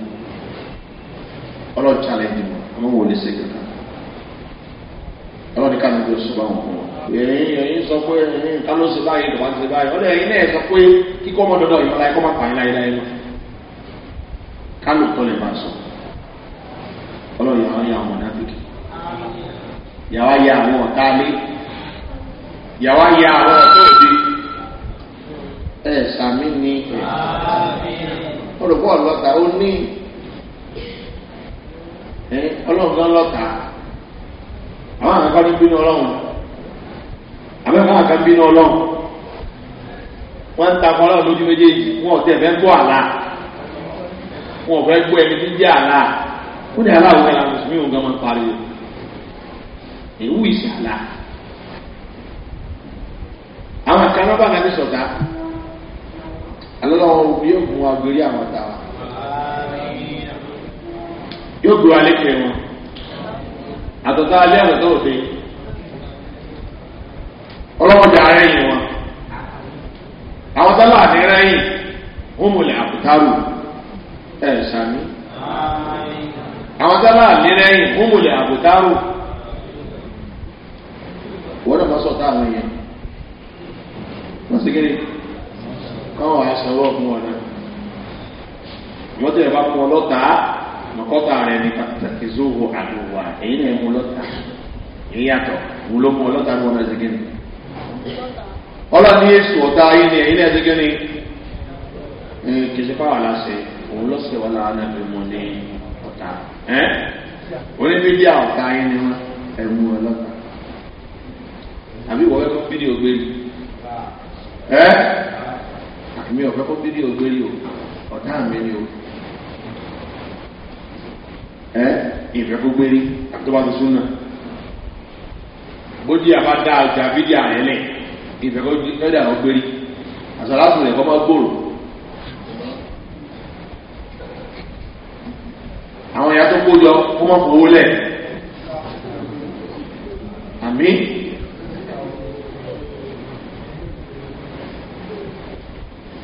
ọlọ́run challenge mi ọmọ wo lè ṣe kankan ọlọ́run ká mi ló sọ báwọn fún wọn. èyí èyí sọ pé èyí ká ló ṣe báyìí ló máa ń ṣe báyìí ọlọ́run ẹ̀yin náà sọ pé kíkọ́ ọmọ dọ́dọ̀ ìmọ̀lá ẹ̀kọ́ máa pààyàn láyé láyé lọ. ká ló tọ́ lè máa sọ ọlọ́run yàrá yà wọn àwọn ọ̀tá yàrá yà àwọn ọ̀tá ẹ̀ sàmì ni ẹ̀ ọ̀rọ̀ bọ́ọ̀lù ó ní ọlọ́run kan lọ́ta àwọn àwọn kan bínú ọlọ́run àbẹ́kọ̀ àwọn kan bínú ọlọ́run wọ́n ń takọ ọlọ́run lójú méjèèjì wọn ò tẹ̀ fẹ́ gbọ́ àlá wọn ò fẹ́ gbọ́ ẹni tí ń jẹ́ àlá wọ́n ní aláwọ̀ ẹ̀la mùsùlùmí òun gan máa ń pariwo èwú ìṣàlá àwọn kan lọ́ba kan ní sọ̀tà alọ́lọ́wọ́ yóò gun agbèrè àwọn tàwọn yóò gbé wa létí ẹ̀ wọn àtọ̀tọ̀ alẹ́ àtọ̀tọ̀ òde ọlọ́mọdé ara yìí wọn àwọn sábà àdéhùn ẹ̀yìn wọn mú lẹ̀ àkútárù ẹ̀ sàmí àwọn sábà àdéhùn ẹ̀yìn wọn mú lẹ̀ àkútárù wọ́n náà máa sọ̀tà àwọn èèyàn wọ́n sì kéde káwọn àìsàn wọ́ọ̀ fún wọn náà wọ́n tẹ̀lé bá fún ọ lọ́tàá mọ̀kọ́tà rẹ̀ ní pàtàkì zówó àdúrà èyí náà mú lọ́tà èyí yàtọ̀ wù ló mú ọlọ́tà ló wọn ẹ̀sìnkí ni. ọlọ́ni èso ọ̀tá ayé ni èyí náà ẹ̀sìnkí ni. kìsì fáwọn aláṣẹ òun lọ́sẹ̀ wọn làwọn náà fi mú ní ọ̀tá. oníbídìí àwọn ọ̀tá ayé ni wọn ẹ̀rù ọlọ́tà. àbí wọ́n fẹ́ kó fídíò gbé ni. ẹ́ àmì ọ̀fẹ́ kó fídíò gbé ọ̀tá mi ni o ẹ́ ìfẹ́ kó gbérí àti tó bá ti súnà bó díà bá dá ọjà fídíà rẹ̀ lẹ̀ ìfẹ́ kó ẹ̀dà kó gbérí àsàlásù rẹ̀ kọ́ máa gbòòrò. àwọn ìyá tó kó jọ kó má fowó lẹ̀ àmì.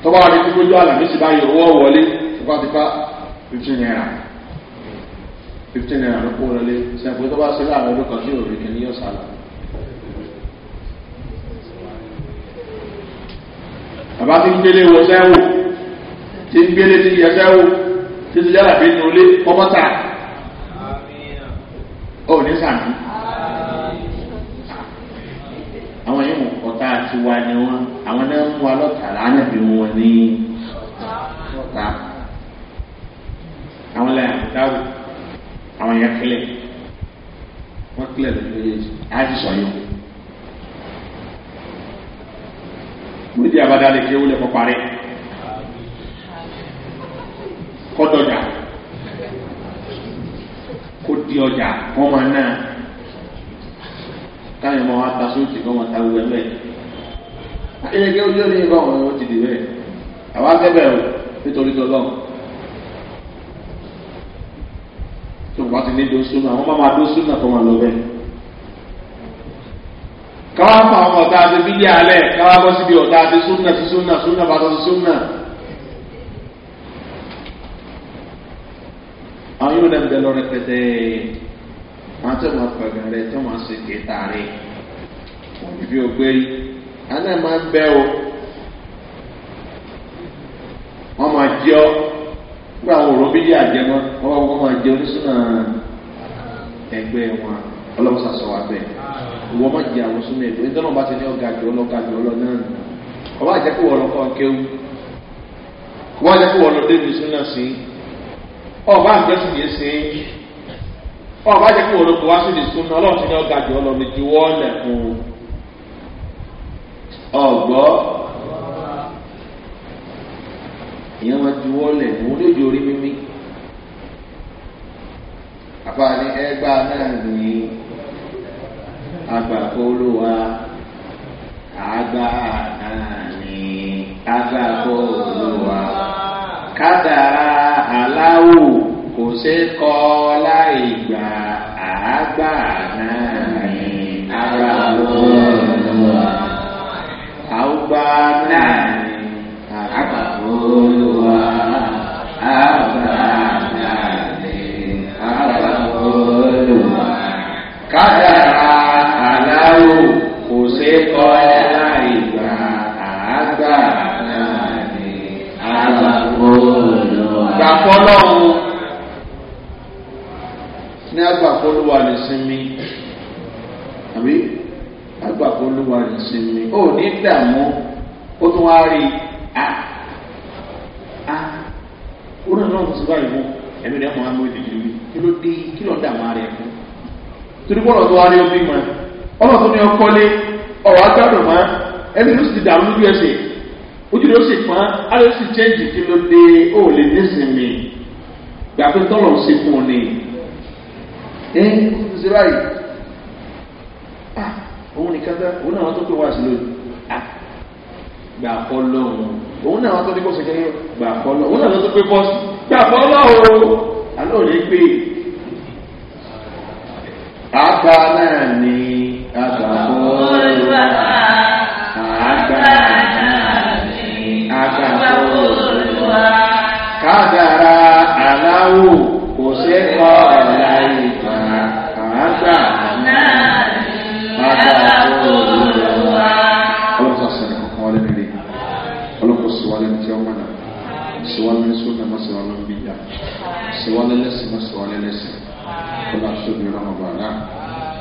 tọ́ba wa ni kókó jọ àlàmísì báyìí owó wọlé tipátipá fifteen naira fifteen naira ló kó lọlé sẹ́ńpé tó bá ṣe láàrin ọdún kan sí òbí kìíní yóò sálọ. bàbá ti ń gbélé wọ sẹ́wò ti ń gbélé ti yẹ sẹ́wò ti ti yára bí nulẹ̀ kọ́mọ́tà ó ní sàmì. àwọn yìí mú ọ̀tá àti wa ni wọn àwọn náà ń wa lọ́tà lánàá bí wọn ní ọ̀tá àwọn lẹ́yìn yẹn kílẹ̀ wọ́n kílẹ̀ lórí méjèèjì á ti sọ yẹn. Múlídìí àbádá lè kéwú lẹ̀ kọ́ parí. Kọ́ dọjà. Kó di ọjà kọ́ máa náà. Káyọ̀ máa wá ta sóòtì kọ́ máa ta wúwẹ́ bẹ́ẹ̀. Ayẹyẹ kéwú yóò ní ìbáwọn ọ̀rọ̀ ti dì bẹ́ẹ̀. Àwa akẹ́bẹ̀rẹ̀ nítorí tọ́lọ́mù. tó bá ti ní dó súnà wọn bá máa dó súnà kó máa lọ bẹ́ẹ̀. káwá fún àwọn ọ̀tá àti bíbí alẹ́ káwá bọ́ síbi ọ̀tá àti súnà ti súnà súnà bá tọ́ sí súnà. àwọn yóò dẹ̀ bẹ̀ lọ rẹpẹtẹ wọn tẹ̀ wọn pẹ̀gàn rẹ tẹ̀ wọn sì ké tààrí wọn fi ògbérí àná máa ń bẹ́ o wọ́n máa jẹ́ ọ́. pé àwọn òrò bíi àjẹmọ́ wọ́n wá wọ́n máa jẹ onísùnà ẹgbẹ́ wọn ọlọ́run sàṣọ wa bẹ́ẹ̀ wọ́n máa jẹ àwọn súnmọ́ ẹgbẹ́ nítorí wọn bá ti ní ọ̀gá àjọ ọlọ́gá àjọ ọlọ́ náà ọba àjẹ́ kó lọ kọ́ kéwù wọ́n kó ọba yẹn sí ọba kó wọ́n lọ ọlọ́run ti ní ọ̀gá èèyàn máa ju wọ́lẹ̀ òun ló di orí mímí àfààní ẹgbà náà ní agbàkóló wa àgbà náà ní agbàkóló wa kádàrá aláwò kò ṣeé kọ́ láì gbà àgbà àgbàpolówó àlè sinmi àbí àgbàpolówó àlè sinmi ó ní dààmú ó tún wá rí a a ó náà náà tún báyìí mú ẹ̀mí rẹ̀ mọ̀ á mú ìdílé mi kí ló dé kí ló dààmú ara ẹ̀ fún torí bọ́ọ̀lù tó wá rí omi mọ́ ọlọ́ọ̀ tó ní ọkọ́lé ọ̀rọ̀ agbádùn mọ́ ẹni ló sì dààmú lójú ẹsẹ̀ ojú ló sì pọ́n á ló sì chẹ́ǹjì kí ló dé ó lè ní sinmi gbàgbé tọ́lọ̀ ń se fún ọ ní ẹ́ ṣe báyìí òun nìkan tẹ́ òun náà wọ́n tó pè wá sí lórí gbà kọ́ lọ́hùn òun náà wọ́n tó ní kó sèké gbà kọ́ lọ́hùn òun ni àgbà kọ́ àgbà àgbà kádàrá aláwò kò sí kọ́ ọ̀rọ̀ nígbà bàbá àtọ́wọ́wọ́ ọlọ́kọ̀ sọ̀rọ̀ kọ̀kọ́ ọ̀rẹ́ mi rè ọlọ́kọ̀ sọ̀wálé ní tí ọmọ náà sọ̀wálé ní sọ̀rọ̀ náà sọ̀wálé ní bíyà sọ̀wálé lẹ́sìn náà sọ̀wálé lẹ́sìn ọlọ́kọ̀ sọ̀rọ̀ yọrọ ọmọ bàbá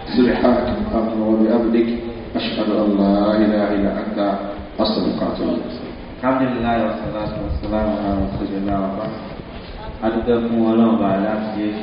سبحانك اللهم وبحمدك أشهد أن لا إله إلا أنت أستغفرك وأتوب إليك alhamdulilayi wasalaatu wasalaamu ala rasulillah wa ba adúgbò fún ọlọ́run